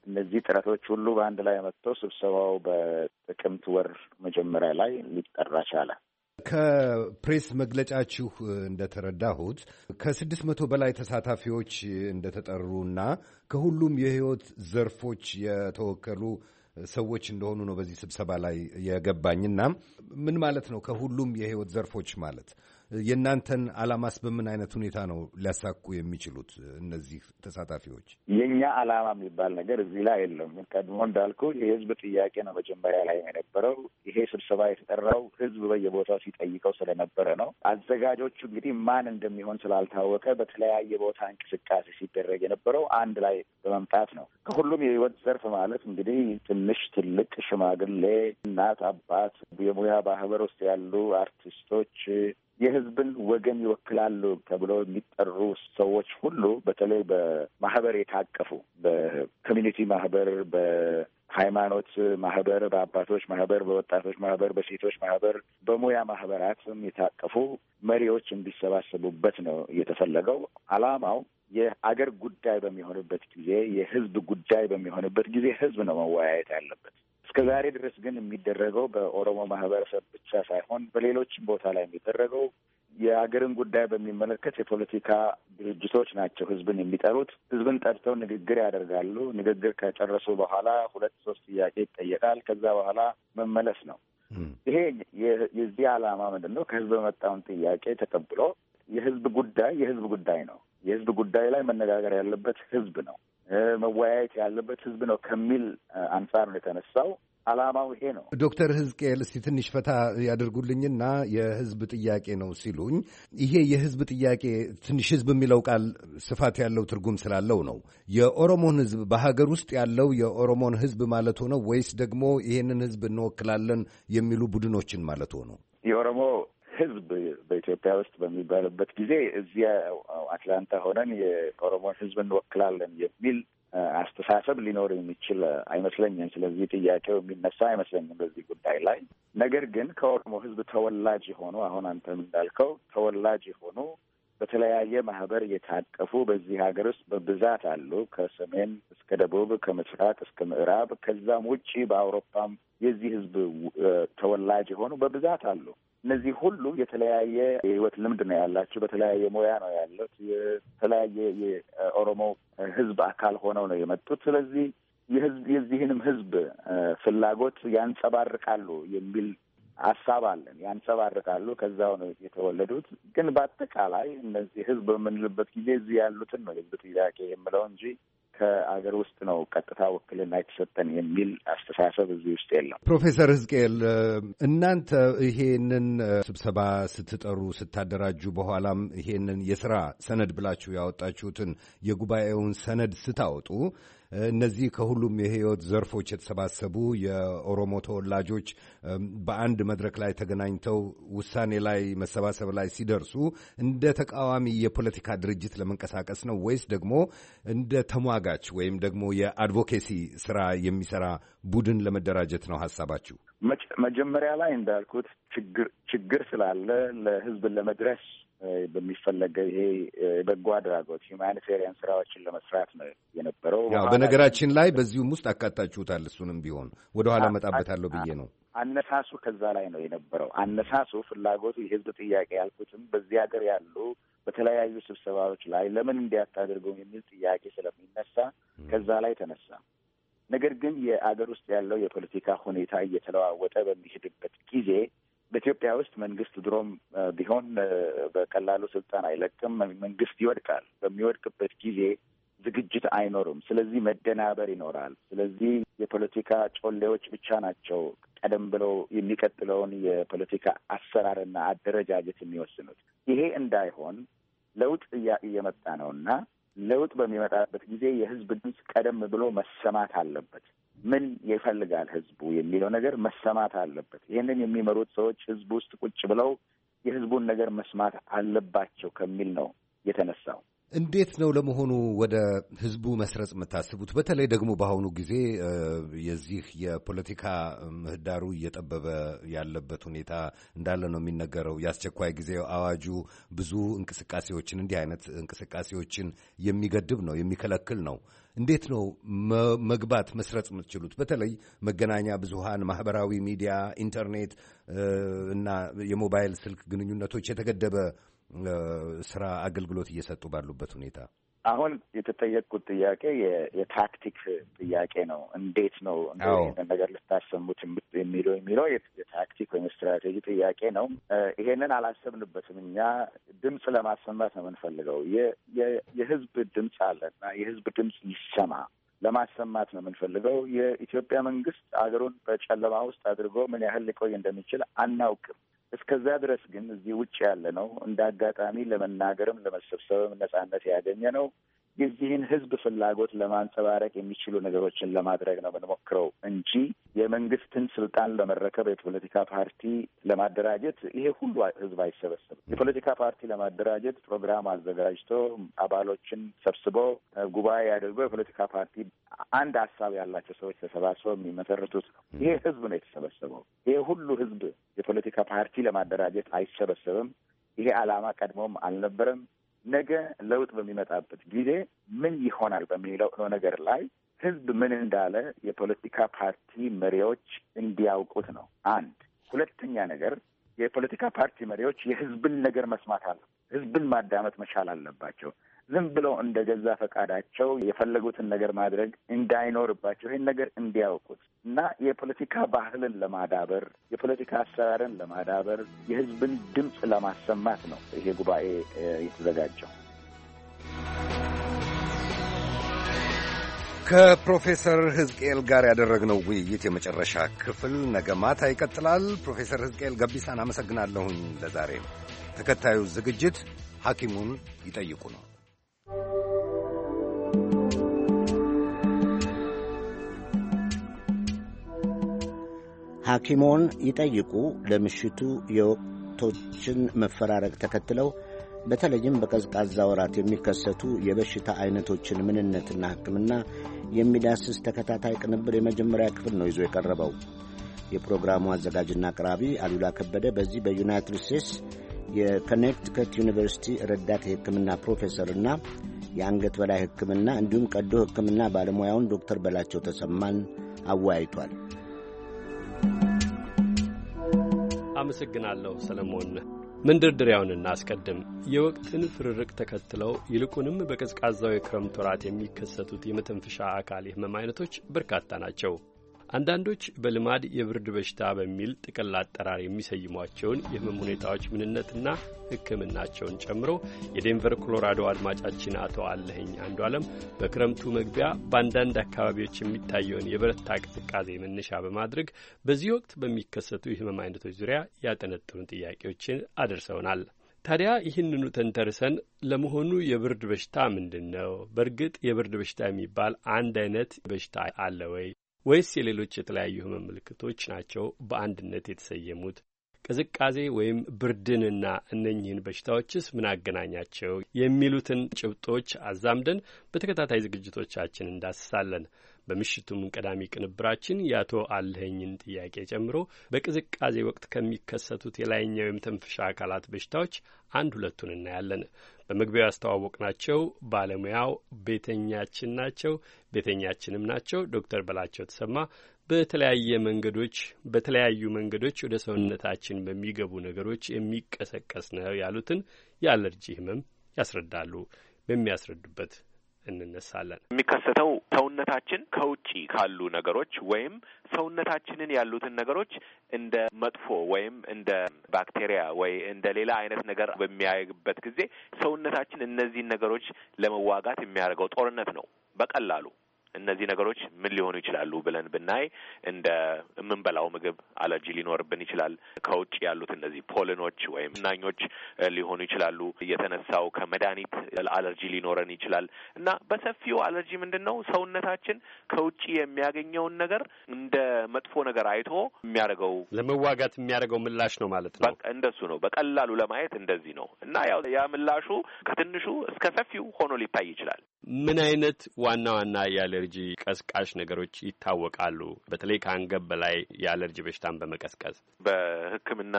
H: እነዚህ ጥረቶች ሁሉ በአንድ ላይ መጥተው ስብሰባው በጥቅምት ወር መጀመሪያ ላይ
A: ሊጠራ ቻለ።
B: ከፕሬስ መግለጫችሁ እንደተረዳሁት ከስድስት መቶ በላይ ተሳታፊዎች እንደተጠሩና ከሁሉም የህይወት ዘርፎች የተወከሉ ሰዎች እንደሆኑ ነው በዚህ ስብሰባ ላይ የገባኝና ምን ማለት ነው ከሁሉም የህይወት ዘርፎች ማለት የእናንተን አላማስ በምን አይነት ሁኔታ ነው ሊያሳኩ የሚችሉት እነዚህ ተሳታፊዎች?
H: የእኛ አላማ የሚባል ነገር እዚህ ላይ የለም። ቀድሞ እንዳልኩ የህዝብ ጥያቄ ነው መጀመሪያ ላይ የነበረው። ይሄ ስብሰባ የተጠራው ህዝብ በየቦታው ሲጠይቀው ስለነበረ ነው። አዘጋጆቹ እንግዲህ ማን እንደሚሆን ስላልታወቀ በተለያየ ቦታ እንቅስቃሴ ሲደረግ የነበረው አንድ ላይ በመምጣት ነው። ከሁሉም የህይወት ዘርፍ ማለት እንግዲህ ትንሽ፣ ትልቅ፣ ሽማግሌ፣ እናት፣ አባት፣ የሙያ ባህበር ውስጥ ያሉ አርቲስቶች የህዝብን ወገን ይወክላሉ ተብሎ የሚጠሩ ሰዎች ሁሉ በተለይ በማህበር የታቀፉ በኮሚኒቲ ማህበር፣ በሃይማኖት ማህበር፣ በአባቶች ማህበር፣ በወጣቶች ማህበር፣ በሴቶች ማህበር፣ በሙያ ማህበራትም የታቀፉ መሪዎች እንዲሰባሰቡበት ነው የተፈለገው አላማው የአገር ጉዳይ በሚሆንበት ጊዜ የህዝብ ጉዳይ በሚሆንበት ጊዜ ህዝብ ነው መወያየት ያለበት። እስከ ዛሬ ድረስ ግን የሚደረገው በኦሮሞ ማህበረሰብ ብቻ ሳይሆን በሌሎችም ቦታ ላይ የሚደረገው የሀገርን ጉዳይ በሚመለከት የፖለቲካ ድርጅቶች ናቸው ህዝብን የሚጠሩት። ህዝብን ጠርተው ንግግር ያደርጋሉ። ንግግር ከጨረሱ በኋላ ሁለት ሶስት ጥያቄ ይጠየቃል። ከዛ በኋላ መመለስ ነው። ይሄ የዚህ ዓላማ ምንድን ነው? ከህዝብ የመጣውን ጥያቄ ተቀብሎ የህዝብ ጉዳይ የህዝብ ጉዳይ ነው። የህዝብ ጉዳይ ላይ መነጋገር ያለበት ህዝብ ነው። መወያየት ያለበት ህዝብ ነው ከሚል አንጻር ነው የተነሳው። አላማው ይሄ ነው።
B: ዶክተር ህዝቅኤል እስቲ ትንሽ ፈታ ያደርጉልኝና የህዝብ ጥያቄ ነው ሲሉኝ፣ ይሄ የህዝብ ጥያቄ ትንሽ ህዝብ የሚለው ቃል ስፋት ያለው ትርጉም ስላለው ነው የኦሮሞን ህዝብ በሀገር ውስጥ ያለው የኦሮሞን ህዝብ ማለት ሆነው ወይስ ደግሞ ይሄንን ህዝብ እንወክላለን የሚሉ ቡድኖችን
H: ማለት ሆነው የኦሮሞ ህዝብ በኢትዮጵያ ውስጥ በሚባልበት ጊዜ እዚያ አትላንታ ሆነን የኦሮሞን ህዝብ እንወክላለን የሚል አስተሳሰብ ሊኖር የሚችል አይመስለኝም። ስለዚህ ጥያቄው የሚነሳ አይመስለኝም በዚህ ጉዳይ ላይ። ነገር ግን ከኦሮሞ ህዝብ ተወላጅ የሆኑ አሁን አንተም እንዳልከው ተወላጅ የሆኑ በተለያየ ማህበር የታቀፉ በዚህ ሀገር ውስጥ በብዛት አሉ። ከሰሜን እስከ ደቡብ፣ ከምስራቅ እስከ ምዕራብ፣ ከዛም ውጪ በአውሮፓም የዚህ ህዝብ ተወላጅ የሆኑ በብዛት አሉ። እነዚህ ሁሉ የተለያየ የህይወት ልምድ ነው ያላቸው፣ በተለያየ ሙያ ነው ያሉት፣ የተለያየ የኦሮሞ ህዝብ አካል ሆነው ነው የመጡት። ስለዚህ የህዝብ የዚህንም ህዝብ ፍላጎት ያንጸባርቃሉ የሚል ሀሳብ አለን። ያንጸባርቃሉ። ከዛው ነው የተወለዱት። ግን በአጠቃላይ እነዚህ ህዝብ በምንልበት ጊዜ እዚህ ያሉትን ነው የህዝብ ጥያቄ የምለው እንጂ ከአገር ውስጥ ነው ቀጥታ ውክልና የተሰጠን የሚል አስተሳሰብ እዚህ ውስጥ የለም።
B: ፕሮፌሰር ህዝቅኤል እናንተ ይሄንን ስብሰባ ስትጠሩ ስታደራጁ፣ በኋላም ይሄንን የስራ ሰነድ ብላችሁ ያወጣችሁትን የጉባኤውን ሰነድ ስታወጡ እነዚህ ከሁሉም የህይወት ዘርፎች የተሰባሰቡ የኦሮሞ ተወላጆች በአንድ መድረክ ላይ ተገናኝተው ውሳኔ ላይ መሰባሰብ ላይ ሲደርሱ እንደ ተቃዋሚ የፖለቲካ ድርጅት ለመንቀሳቀስ ነው ወይስ ደግሞ እንደ ተሟጋች ወይም ደግሞ የአድቮኬሲ ስራ የሚሰራ ቡድን ለመደራጀት ነው ሀሳባችሁ?
H: መጀመሪያ ላይ እንዳልኩት ችግር ችግር ስላለ ለህዝብን ለመድረስ በሚፈለገው ይሄ በጎ አድራጎት ሁማኒቴሪያን ስራዎችን ለመስራት ነው የነበረው። በነገራችን
B: ላይ በዚሁም ውስጥ አካታችሁታል። እሱንም ቢሆን ወደኋላ መጣበታለሁ ብዬ ነው።
H: አነሳሱ ከዛ ላይ ነው የነበረው። አነሳሱ ፍላጎቱ፣ የህዝብ ጥያቄ ያልኩትም በዚህ ሀገር ያሉ በተለያዩ ስብሰባዎች ላይ ለምን እንዲያታደርገው የሚል ጥያቄ ስለሚነሳ ከዛ ላይ ተነሳ። ነገር ግን የአገር ውስጥ ያለው የፖለቲካ ሁኔታ እየተለዋወጠ በሚሄድበት ጊዜ በኢትዮጵያ ውስጥ መንግስት ድሮም ቢሆን በቀላሉ ስልጣን አይለቅም። መንግስት ይወድቃል። በሚወድቅበት ጊዜ ዝግጅት አይኖርም። ስለዚህ መደናበር ይኖራል። ስለዚህ የፖለቲካ ጮሌዎች ብቻ ናቸው ቀደም ብለው የሚቀጥለውን የፖለቲካ አሰራርና አደረጃጀት የሚወስኑት። ይሄ እንዳይሆን ለውጥ እየመጣ እና ለውጥ በሚመጣበት ጊዜ የህዝብ ድምፅ ቀደም ብሎ መሰማት አለበት። ምን ይፈልጋል ህዝቡ የሚለው ነገር መሰማት አለበት። ይህንን የሚመሩት ሰዎች ህዝብ ውስጥ ቁጭ ብለው የህዝቡን ነገር መስማት አለባቸው ከሚል ነው የተነሳው።
B: እንዴት ነው ለመሆኑ ወደ ህዝቡ መስረጽ የምታስቡት? በተለይ ደግሞ በአሁኑ ጊዜ የዚህ የፖለቲካ ምህዳሩ እየጠበበ ያለበት ሁኔታ እንዳለ ነው የሚነገረው። የአስቸኳይ ጊዜ አዋጁ ብዙ እንቅስቃሴዎችን እንዲህ አይነት እንቅስቃሴዎችን የሚገድብ ነው፣ የሚከለክል ነው። እንዴት ነው መግባት መስረጽ የምትችሉት? በተለይ መገናኛ ብዙሃን፣ ማህበራዊ ሚዲያ፣ ኢንተርኔት እና የሞባይል ስልክ ግንኙነቶች የተገደበ ስራ አገልግሎት እየሰጡ ባሉበት ሁኔታ
H: አሁን የተጠየቅኩት ጥያቄ የታክቲክ ጥያቄ ነው። እንዴት ነው እንደ ነገር ልታሰሙት የሚለው የሚለው የታክቲክ ወይም ስትራቴጂ ጥያቄ ነው። ይሄንን አላሰብንበትም። እኛ ድምፅ ለማሰማት ነው የምንፈልገው። የህዝብ ድምፅ አለና የህዝብ ድምፅ ይሰማ ለማሰማት ነው የምንፈልገው። የኢትዮጵያ መንግስት አገሩን በጨለማ ውስጥ አድርጎ ምን ያህል ሊቆይ እንደሚችል አናውቅም። እስከዛ ድረስ ግን እዚህ ውጭ ያለ ነው እንደ አጋጣሚ ለመናገርም ለመሰብሰብም ነጻነት ያገኘ ነው የዚህን ህዝብ ፍላጎት ለማንጸባረቅ የሚችሉ ነገሮችን ለማድረግ ነው የምንሞክረው እንጂ የመንግስትን ስልጣን ለመረከብ የፖለቲካ ፓርቲ ለማደራጀት ይሄ ሁሉ ህዝብ አይሰበሰብም። የፖለቲካ ፓርቲ ለማደራጀት ፕሮግራም አዘጋጅቶ አባሎችን ሰብስቦ ጉባኤ አድርጎ የፖለቲካ ፓርቲ አንድ ሀሳብ ያላቸው ሰዎች ተሰባስበው የሚመሰርቱት ነው። ይሄ ህዝብ ነው የተሰበሰበው። ይሄ ሁሉ ህዝብ የፖለቲካ ፓርቲ ለማደራጀት አይሰበሰብም። ይሄ ዓላማ ቀድሞም አልነበረም። ነገ ለውጥ በሚመጣበት ጊዜ ምን ይሆናል በሚለው ነገር ላይ ህዝብ ምን እንዳለ የፖለቲካ ፓርቲ መሪዎች እንዲያውቁት ነው። አንድ ሁለተኛ ነገር የፖለቲካ ፓርቲ መሪዎች የህዝብን ነገር መስማት አለ፣ ህዝብን ማዳመጥ መቻል አለባቸው። ዝም ብለው እንደ ገዛ ፈቃዳቸው የፈለጉትን ነገር ማድረግ እንዳይኖርባቸው ይህን ነገር እንዲያውቁት እና የፖለቲካ ባህልን ለማዳበር የፖለቲካ አሰራርን ለማዳበር የህዝብን ድምፅ ለማሰማት ነው ይሄ ጉባኤ የተዘጋጀው።
B: ከፕሮፌሰር ህዝቅኤል ጋር ያደረግነው ውይይት የመጨረሻ ክፍል ነገ ማታ ይቀጥላል። ፕሮፌሰር ህዝቅኤል ገቢሳን አመሰግናለሁኝ። ለዛሬ ተከታዩ ዝግጅት ሐኪሙን ይጠይቁ ነው።
A: ሐኪሞን ይጠይቁ ለምሽቱ የወቅቶችን መፈራረቅ ተከትለው በተለይም በቀዝቃዛ ወራት የሚከሰቱ የበሽታ አይነቶችን ምንነትና ሕክምና የሚዳስስ ተከታታይ ቅንብር የመጀመሪያ ክፍል ነው ይዞ የቀረበው። የፕሮግራሙ አዘጋጅና አቅራቢ አሉላ ከበደ በዚህ በዩናይትድ ስቴትስ የኮኔክቲከት ዩኒቨርሲቲ ረዳት የሕክምና ፕሮፌሰርና የአንገት በላይ ሕክምና እንዲሁም ቀዶ ሕክምና ባለሙያውን ዶክተር በላቸው ተሰማን አወያይቷል።
C: አመሰግናለሁ ሰለሞን። መንደርደሪያውን እናስቀድም። የወቅትን ፍርርቅ ተከትለው ይልቁንም በቀዝቃዛው የክረምት ወራት የሚከሰቱት የመተንፈሻ አካል የህመም አይነቶች በርካታ ናቸው። አንዳንዶች በልማድ የብርድ በሽታ በሚል ጥቅል አጠራር የሚሰይሟቸውን የህመም ሁኔታዎች ምንነትና ሕክምናቸውን ጨምሮ የዴንቨር ኮሎራዶ አድማጫችን አቶ አለህኝ አንዱ አለም በክረምቱ መግቢያ በአንዳንድ አካባቢዎች የሚታየውን የበረታ ቅዝቃዜ መነሻ በማድረግ በዚህ ወቅት በሚከሰቱ የህመም አይነቶች ዙሪያ ያጠነጠኑ ጥያቄዎችን አደርሰውናል። ታዲያ ይህንኑ ተንተርሰን ለመሆኑ የብርድ በሽታ ምንድን ነው? በእርግጥ የብርድ በሽታ የሚባል አንድ አይነት በሽታ አለ ወይ? ወይስ የሌሎች የተለያዩ ህመም ምልክቶች ናቸው በአንድነት የተሰየሙት? ቅዝቃዜ ወይም ብርድንና እነኝህን በሽታዎችስ ምን አገናኛቸው? የሚሉትን ጭብጦች አዛምደን በተከታታይ ዝግጅቶቻችን እንዳስሳለን። በምሽቱም ቀዳሚ ቅንብራችን የአቶ አልኸኝን ጥያቄ ጨምሮ በቅዝቃዜ ወቅት ከሚከሰቱት የላይኛው የመተንፈሻ አካላት በሽታዎች አንድ ሁለቱን እናያለን። በመግቢያው ያስተዋወቅናቸው ባለሙያው ቤተኛችን ናቸው ቤተኛችንም ናቸው። ዶክተር በላቸው ተሰማ በተለያየ መንገዶች በተለያዩ መንገዶች ወደ ሰውነታችን በሚገቡ ነገሮች የሚቀሰቀስ ነው ያሉትን የአለርጂ ህመም ያስረዳሉ። በሚያስረዱበት እንነሳለን።
G: የሚከሰተው ሰውነታችን ከውጪ ካሉ ነገሮች ወይም ሰውነታችንን ያሉትን ነገሮች እንደ መጥፎ ወይም እንደ ባክቴሪያ ወይ እንደ ሌላ አይነት ነገር በሚያይበት ጊዜ ሰውነታችን እነዚህን ነገሮች ለመዋጋት የሚያደርገው ጦርነት ነው በቀላሉ እነዚህ ነገሮች ምን ሊሆኑ ይችላሉ ብለን ብናይ እንደ የምንበላው ምግብ አለርጂ ሊኖርብን ይችላል። ከውጭ ያሉት እነዚህ ፖልኖች ወይም ናኞች ሊሆኑ ይችላሉ። የተነሳው ከመድኃኒት አለርጂ ሊኖረን ይችላል እና በሰፊው አለርጂ ምንድን ነው? ሰውነታችን ከውጭ የሚያገኘውን ነገር እንደ መጥፎ ነገር አይቶ የሚያደርገው
C: ለመዋጋት የሚያደርገው ምላሽ
G: ነው ማለት ነው። እንደሱ ነው በቀላሉ ለማየት እንደዚህ ነው እና ያው ያ ምላሹ ከትንሹ እስከ ሰፊው ሆኖ ሊታይ ይችላል።
C: ምን አይነት ዋና ዋና ያለ የአለርጂ ቀስቃሽ ነገሮች ይታወቃሉ። በተለይ ከአንገብ በላይ የአለርጂ በሽታን በመቀስቀስ በሕክምና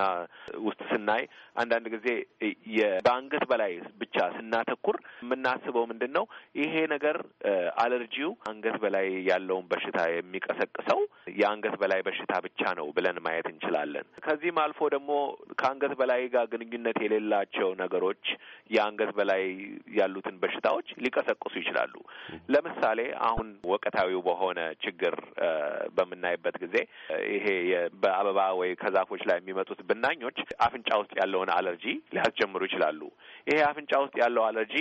C: ውስጥ ስናይ አንዳንድ ጊዜ የበአንገት በላይ ብቻ ስናተኩር
G: የምናስበው ምንድን ነው ይሄ ነገር አለርጂው አንገት በላይ ያለውን በሽታ የሚቀሰቅሰው የአንገት በላይ በሽታ ብቻ ነው ብለን ማየት እንችላለን። ከዚህም አልፎ ደግሞ ከአንገት በላይ ጋር ግንኙነት የሌላቸው ነገሮች የአንገት በላይ ያሉትን በሽታዎች ሊቀሰቅሱ ይችላሉ። ለምሳሌ አሁን ወቅታዊው በሆነ ችግር በምናይበት ጊዜ ይሄ በአበባ ወይ ከዛፎች ላይ የሚመጡት ብናኞች አፍንጫ ውስጥ ያለው የሆነ አለርጂ ሊያስጀምሩ ይችላሉ። ይሄ አፍንጫ ውስጥ ያለው አለርጂ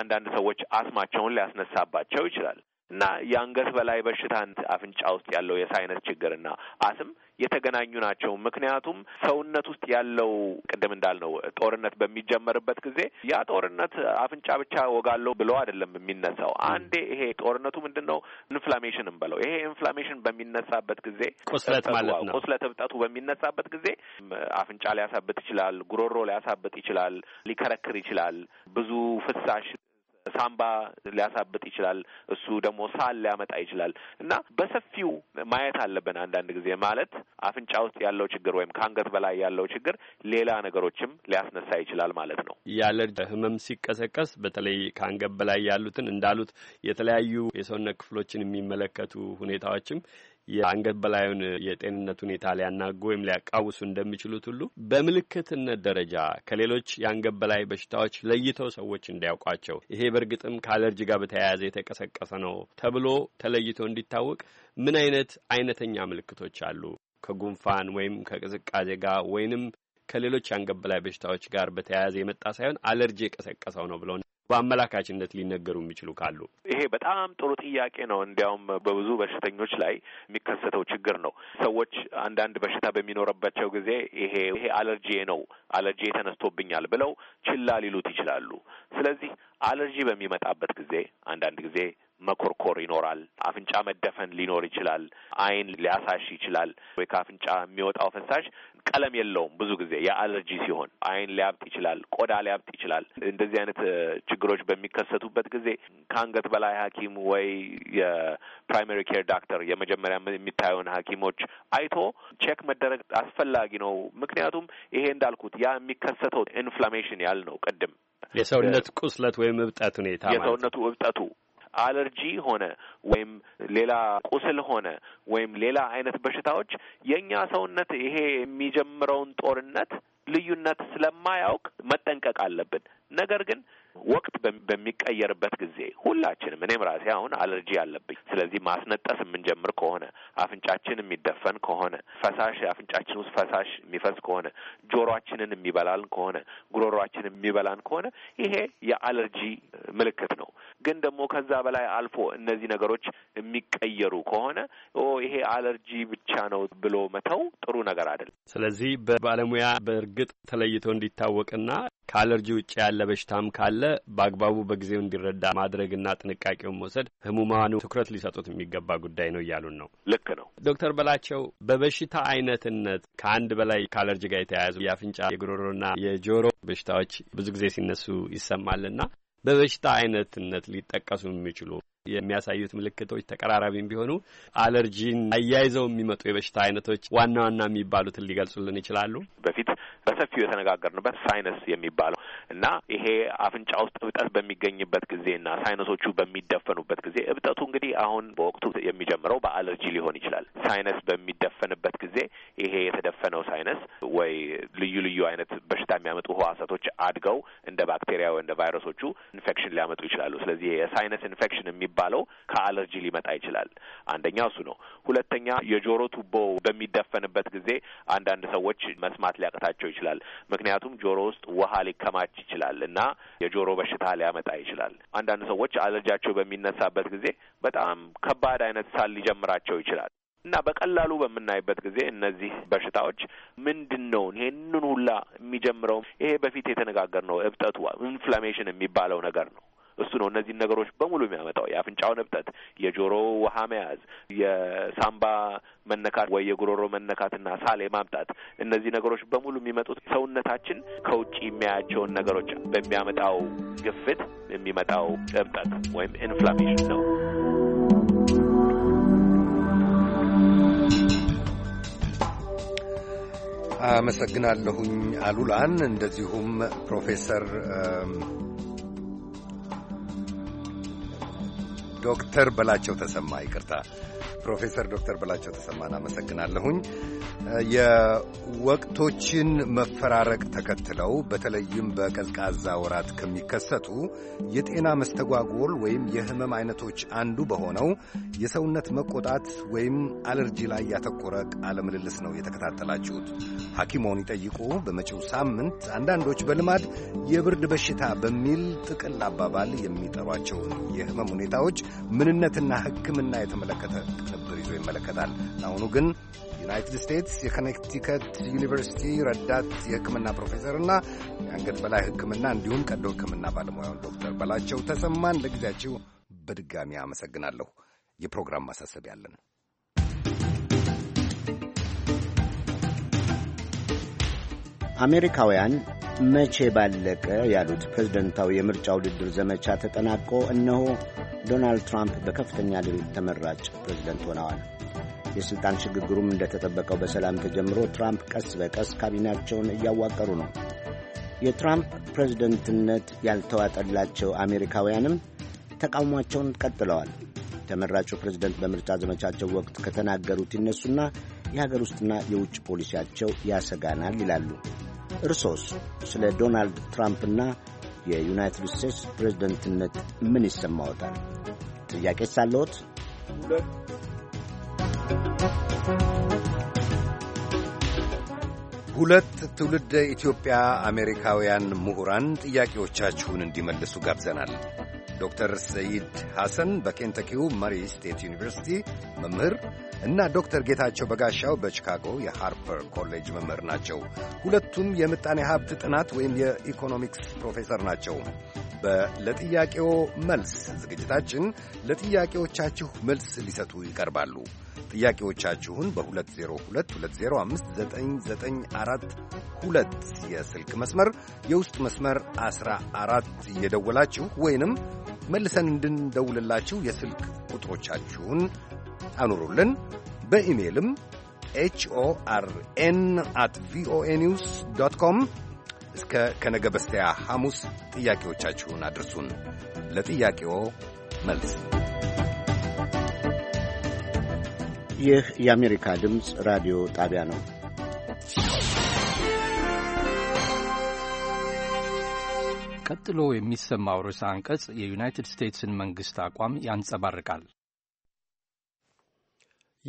G: አንዳንድ ሰዎች አስማቸውን ሊያስነሳባቸው ይችላል። እና የአንገት በላይ በሽታ አፍንጫ ውስጥ ያለው የሳይነስ ችግርና አስም የተገናኙ ናቸው። ምክንያቱም ሰውነት ውስጥ ያለው ቅድም እንዳልነው ጦርነት በሚጀመርበት ጊዜ ያ ጦርነት አፍንጫ ብቻ ወጋለው ብሎ አይደለም የሚነሳው። አንዴ ይሄ ጦርነቱ ምንድን ነው ኢንፍላሜሽን እንበለው። ይሄ ኢንፍላሜሽን በሚነሳበት ጊዜ ቁስለት ማለት ነው። ቁስለት እብጠቱ በሚነሳበት ጊዜ አፍንጫ ሊያሳብጥ ይችላል፣ ጉሮሮ ሊያሳብጥ ይችላል፣ ሊከረክር ይችላል። ብዙ ፍሳሽ ሳምባ ሊያሳብጥ ይችላል። እሱ ደግሞ ሳል ሊያመጣ ይችላል እና በሰፊው ማየት አለብን። አንዳንድ ጊዜ ማለት አፍንጫ ውስጥ ያለው ችግር ወይም ከአንገት በላይ ያለው ችግር ሌላ ነገሮችም ሊያስነሳ ይችላል ማለት ነው።
C: የአለርጂ ህመም ሲቀሰቀስ በተለይ ከአንገት በላይ ያሉትን እንዳሉት የተለያዩ የሰውነት ክፍሎችን የሚመለከቱ ሁኔታዎችም የአንገት በላዩን የጤንነት ሁኔታ ሊያናጉ ወይም ሊያቃውሱ እንደሚችሉት ሁሉ በምልክትነት ደረጃ ከሌሎች የአንገት በላይ በሽታዎች ለይተው ሰዎች እንዲያውቋቸው ይሄ በእርግጥም ከአለርጂ ጋር በተያያዘ የተቀሰቀሰ ነው ተብሎ ተለይቶ እንዲታወቅ ምን አይነት አይነተኛ ምልክቶች አሉ? ከጉንፋን ወይም ከቅዝቃዜ ጋር ወይንም ከሌሎች የአንገት በሽታዎች ጋር በተያያዘ የመጣ ሳይሆን አለርጂ የቀሰቀሰው ነው ብለው በአመላካችነት ሊነገሩ የሚችሉ ካሉ
G: ይሄ በጣም ጥሩ ጥያቄ ነው። እንዲያውም በብዙ በሽተኞች ላይ የሚከሰተው ችግር ነው። ሰዎች አንዳንድ በሽታ በሚኖርባቸው ጊዜ ይሄ ይሄ አለርጂ ነው አለርጂ ተነስቶብኛል ብለው ችላ ሊሉት ይችላሉ። ስለዚህ አለርጂ በሚመጣበት ጊዜ አንዳንድ ጊዜ መኮርኮር ይኖራል። አፍንጫ መደፈን ሊኖር ይችላል። አይን ሊያሳሽ ይችላል። ወይ ከአፍንጫ የሚወጣው ፈሳሽ ቀለም የለውም። ብዙ ጊዜ የአለርጂ ሲሆን አይን ሊያብጥ ይችላል። ቆዳ ሊያብጥ ይችላል። እንደዚህ አይነት ችግሮች በሚከሰቱበት ጊዜ ከአንገት በላይ ሐኪም ወይ የፕራይመሪ ኬር ዳክተር የመጀመሪያ የሚታየውን ሐኪሞች አይቶ ቼክ መደረግ አስፈላጊ ነው። ምክንያቱም ይሄ እንዳልኩት ያ የሚከሰተው ኢንፍላሜሽን ነው ቅድም
C: የሰውነት ቁስለት ወይም እብጠት ሁኔታ የሰውነቱ
G: እብጠቱ አለርጂ ሆነ ወይም ሌላ ቁስል ሆነ ወይም ሌላ አይነት በሽታዎች የእኛ ሰውነት ይሄ የሚጀምረውን ጦርነት ልዩነት ስለማያውቅ መጠንቀቅ አለብን። ነገር ግን ወቅት በሚቀየርበት ጊዜ ሁላችንም እኔም ራሴ አሁን አለርጂ አለብኝ። ስለዚህ ማስነጠስ የምንጀምር ከሆነ አፍንጫችን የሚደፈን ከሆነ ፈሳሽ አፍንጫችን ውስጥ ፈሳሽ የሚፈስ ከሆነ ጆሮአችንን የሚበላን ከሆነ ጉሮሯችንን የሚበላን ከሆነ ይሄ የአለርጂ ምልክት ነው። ግን ደግሞ ከዛ በላይ አልፎ እነዚህ ነገሮች የሚቀየሩ ከሆነ ይሄ አለርጂ ብቻ ነው ብሎ መተው ጥሩ ነገር አይደለም።
C: ስለዚህ በባለሙያ በእርግ በእርግጥ ተለይቶ እንዲታወቅና ከአለርጂ ውጭ ያለ በሽታም ካለ በአግባቡ በጊዜው እንዲረዳ ማድረግና ጥንቃቄውን መውሰድ ህሙማኑ ትኩረት ሊሰጡት የሚገባ ጉዳይ ነው እያሉን ነው። ልክ ነው ዶክተር በላቸው። በበሽታ አይነትነት ከአንድ በላይ ከአለርጂ ጋር የተያያዙ የአፍንጫ የጉሮሮና የጆሮ በሽታዎች ብዙ ጊዜ ሲነሱ ይሰማልና በበሽታ አይነትነት ሊጠቀሱ የሚችሉ የሚያሳዩት ምልክቶች ተቀራራቢም ቢሆኑ አለርጂን አያይዘው የሚመጡ የበሽታ አይነቶች ዋና ዋና የሚባሉትን ሊገልጹልን ይችላሉ? በፊት በሰፊው የተነጋገርንበት ሳይነስ የሚባለው እና ይሄ አፍንጫ ውስጥ እብጠት በሚገኝበት
G: ጊዜና ሳይነሶቹ በሚደፈኑበት ጊዜ እብጠቱ እንግዲህ አሁን በወቅቱ የሚጀምረው በአለርጂ ሊሆን ይችላል። ሳይነስ በሚደፈንበት ጊዜ ይሄ የተደፈነው ሳይነስ ወይ ልዩ ልዩ አይነት በሽታ የሚያመጡ ህዋሳቶች አድገው እንደ ባክቴሪያ ወይ እንደ ቫይረሶቹ ኢንፌክሽን ሊያመጡ ይችላሉ። ስለዚህ የሳይነስ ኢንፌክሽን የሚ የሚባለው ከአለርጂ ሊመጣ ይችላል። አንደኛ እሱ ነው። ሁለተኛ የጆሮ ቱቦ በሚደፈንበት ጊዜ አንዳንድ ሰዎች መስማት ሊያቅታቸው ይችላል። ምክንያቱም ጆሮ ውስጥ ውሃ ሊከማች ይችላል እና የጆሮ በሽታ ሊያመጣ ይችላል። አንዳንድ ሰዎች አለርጃቸው በሚነሳበት ጊዜ በጣም ከባድ አይነት ሳል ሊጀምራቸው ይችላል። እና በቀላሉ በምናይበት ጊዜ እነዚህ በሽታዎች ምንድን ነው? ይህንን ሁላ የሚጀምረው ይሄ በፊት የተነጋገርነው እብጠቱ ኢንፍላሜሽን የሚባለው ነገር ነው። እሱ ነው እነዚህን ነገሮች በሙሉ የሚያመጣው የአፍንጫውን እብጠት፣ የጆሮ ውሃ መያዝ፣ የሳምባ መነካት ወይ የጉሮሮ መነካትና ሳል የማምጣት እነዚህ ነገሮች በሙሉ የሚመጡት ሰውነታችን ከውጭ የሚያያቸውን ነገሮች በሚያመጣው ግፍት የሚመጣው እብጠት ወይም ኢንፍላሜሽን ነው። አመሰግናለሁኝ
B: አሉላን እንደዚሁም ፕሮፌሰር ዶክተር በላቸው ተሰማ ይቅርታ፣ ፕሮፌሰር ዶክተር በላቸው ተሰማን አመሰግናለሁኝ። የወቅቶችን መፈራረቅ ተከትለው በተለይም በቀዝቃዛ ወራት ከሚከሰቱ የጤና መስተጓጎል ወይም የህመም አይነቶች አንዱ በሆነው የሰውነት መቆጣት ወይም አለርጂ ላይ ያተኮረ ቃለ ምልልስ ነው የተከታተላችሁት። ሐኪሞን ይጠይቁ በመጪው ሳምንት አንዳንዶች በልማድ የብርድ በሽታ በሚል ጥቅል አባባል የሚጠሯቸውን የህመም ሁኔታዎች ምንነትና ሕክምና የተመለከተ ቅንብር ይዞ ይመለከታል። አሁኑ ግን ዩናይትድ ስቴትስ የኮኔክቲከት ዩኒቨርሲቲ ረዳት የሕክምና ፕሮፌሰርና የአንገት በላይ ሕክምና እንዲሁም ቀዶ ሕክምና ባለሙያውን ዶክተር በላቸው ተሰማን ለጊዜያቸው በድጋሚ አመሰግናለሁ። የፕሮግራም ማሳሰቢያ አለን።
A: አሜሪካውያን መቼ ባለቀ ያሉት ፕሬዝደንታዊ የምርጫ ውድድር ዘመቻ ተጠናቆ እነሆ ዶናልድ ትራምፕ በከፍተኛ ድል ተመራጭ ፕሬዝደንት ሆነዋል። የሥልጣን ሽግግሩም እንደተጠበቀው በሰላም ተጀምሮ ትራምፕ ቀስ በቀስ ካቢናቸውን እያዋቀሩ ነው። የትራምፕ ፕሬዝደንትነት ያልተዋጠላቸው አሜሪካውያንም ተቃውሟቸውን ቀጥለዋል። ተመራጩ ፕሬዝደንት በምርጫ ዘመቻቸው ወቅት ከተናገሩት ይነሱና የሀገር ውስጥና የውጭ ፖሊሲያቸው ያሰጋናል ይላሉ። እርሶስ ስለ ዶናልድ ትራምፕና የዩናይትድ ስቴትስ ፕሬዝደንትነት ምን ይሰማዎታል? ጥያቄ ሳለዎት ሁለት ትውልደ
B: ኢትዮጵያ አሜሪካውያን ምሁራን ጥያቄዎቻችሁን እንዲመልሱ ጋብዘናል። ዶክተር ሰይድ ሐሰን በኬንተኪው መሪ ስቴት ዩኒቨርሲቲ መምህር፣ እና ዶክተር ጌታቸው በጋሻው በቺካጎ የሃርፐር ኮሌጅ መምህር ናቸው። ሁለቱም የምጣኔ ሀብት ጥናት ወይም የኢኮኖሚክስ ፕሮፌሰር ናቸው። ለጥያቄው መልስ ዝግጅታችን ለጥያቄዎቻችሁ መልስ ሊሰጡ ይቀርባሉ። ጥያቄዎቻችሁን በ2022059942 የስልክ መስመር የውስጥ መስመር 14 እየደወላችሁ ወይንም መልሰን እንድንደውልላችሁ የስልክ ቁጥሮቻችሁን አኑሩልን። በኢሜይልም ኤን አት ቪኦኤ ኒውስ ዶት ኮም እስከ ከነገ በስቲያ ሐሙስ ጥያቄዎቻችሁን አድርሱን።
A: ለጥያቄዎ መልስ። ይህ የአሜሪካ ድምፅ ራዲዮ ጣቢያ ነው።
C: ቀጥሎ የሚሰማው ርዕሰ አንቀጽ የዩናይትድ ስቴትስን መንግሥት አቋም ያንጸባርቃል።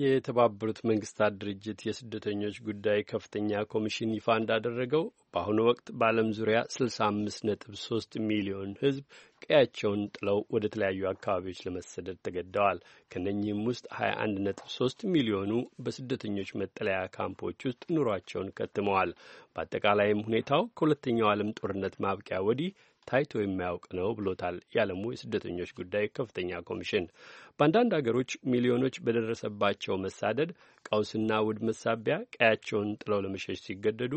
C: የተባበሩት መንግስታት ድርጅት የስደተኞች ጉዳይ ከፍተኛ ኮሚሽን ይፋ እንዳደረገው በአሁኑ ወቅት በዓለም ዙሪያ 65 ነጥብ ሚሊዮን ሕዝብ ቀያቸውን ጥለው ወደ ተለያዩ አካባቢዎች ለመሰደድ ተገደዋል። ከነኚህም ውስጥ 21 ነጥብ ሚሊዮኑ በስደተኞች መጠለያ ካምፖች ውስጥ ኑሯቸውን ከትመዋል። በአጠቃላይም ሁኔታው ከሁለተኛው ዓለም ጦርነት ማብቂያ ወዲህ ታይቶ የማያውቅ ነው ብሎታል የዓለሙ የስደተኞች ጉዳይ ከፍተኛ ኮሚሽን። በአንዳንድ አገሮች ሚሊዮኖች በደረሰባቸው መሳደድ ቀውስና ውድመት ሳቢያ ቀያቸውን ጥለው ለመሸሽ ሲገደዱ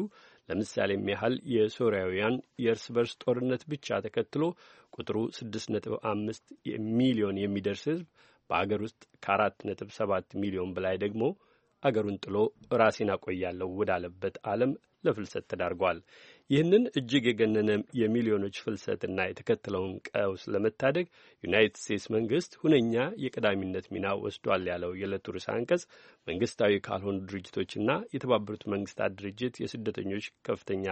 C: ለምሳሌም ያህል የሶሪያውያን የእርስ በርስ ጦርነት ብቻ ተከትሎ ቁጥሩ 6.5 ሚሊዮን የሚደርስ ሕዝብ በአገር ውስጥ ከ4.7 ሚሊዮን በላይ ደግሞ አገሩን ጥሎ ራሴን አቆያለሁ ወዳለበት ዓለም ለፍልሰት ተዳርጓል። ይህንን እጅግ የገነነ የሚሊዮኖች ፍልሰትና የተከተለውን ቀውስ ለመታደግ ዩናይትድ ስቴትስ መንግስት ሁነኛ የቀዳሚነት ሚና ወስዷል ያለው የዕለቱ ርዕሰ አንቀጽ መንግስታዊ ካልሆኑ ድርጅቶችና የተባበሩት መንግስታት ድርጅት የስደተኞች ከፍተኛ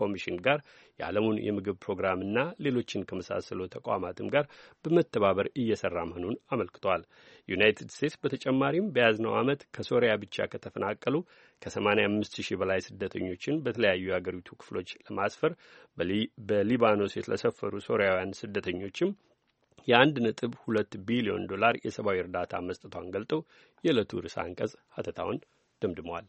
C: ኮሚሽን ጋር የዓለሙን የምግብ ፕሮግራምና ሌሎችን ከመሳሰሉ ተቋማትም ጋር በመተባበር እየሰራ መሆኑን አመልክቷል። ዩናይትድ ስቴትስ በተጨማሪም በያዝነው ዓመት ከሶሪያ ብቻ ከተፈናቀሉ ከ85 ሺህ በላይ ስደተኞችን በተለያዩ የአገሪቱ ክፍሎች ለማስፈር በሊባኖስ የተሰፈሩ ሶሪያውያን ስደተኞችም የአንድ ነጥብ ሁለት ቢሊዮን ዶላር የሰብአዊ እርዳታ መስጠቷን ገልጠው የዕለቱ ርዕሰ አንቀጽ ሀተታውን ደምድመዋል።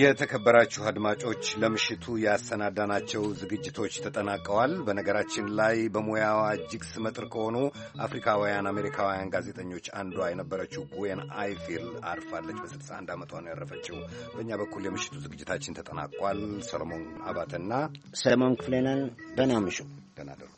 B: የተከበራችሁ አድማጮች ለምሽቱ ያሰናዳናቸው ዝግጅቶች ተጠናቀዋል። በነገራችን ላይ በሙያዋ እጅግ ስመጥር ከሆኑ አፍሪካውያን አሜሪካውያን ጋዜጠኞች አንዷ የነበረችው ጉዌን አይፊል አርፋለች። በ61 ዓመቷ ነው ያረፈችው። በእኛ በኩል የምሽቱ ዝግጅታችን ተጠናቋል። ሰለሞን አባተና
A: ሰለሞን ክፍሌ ነን። ደህና ምሹ፣
B: ደህና ደሩ።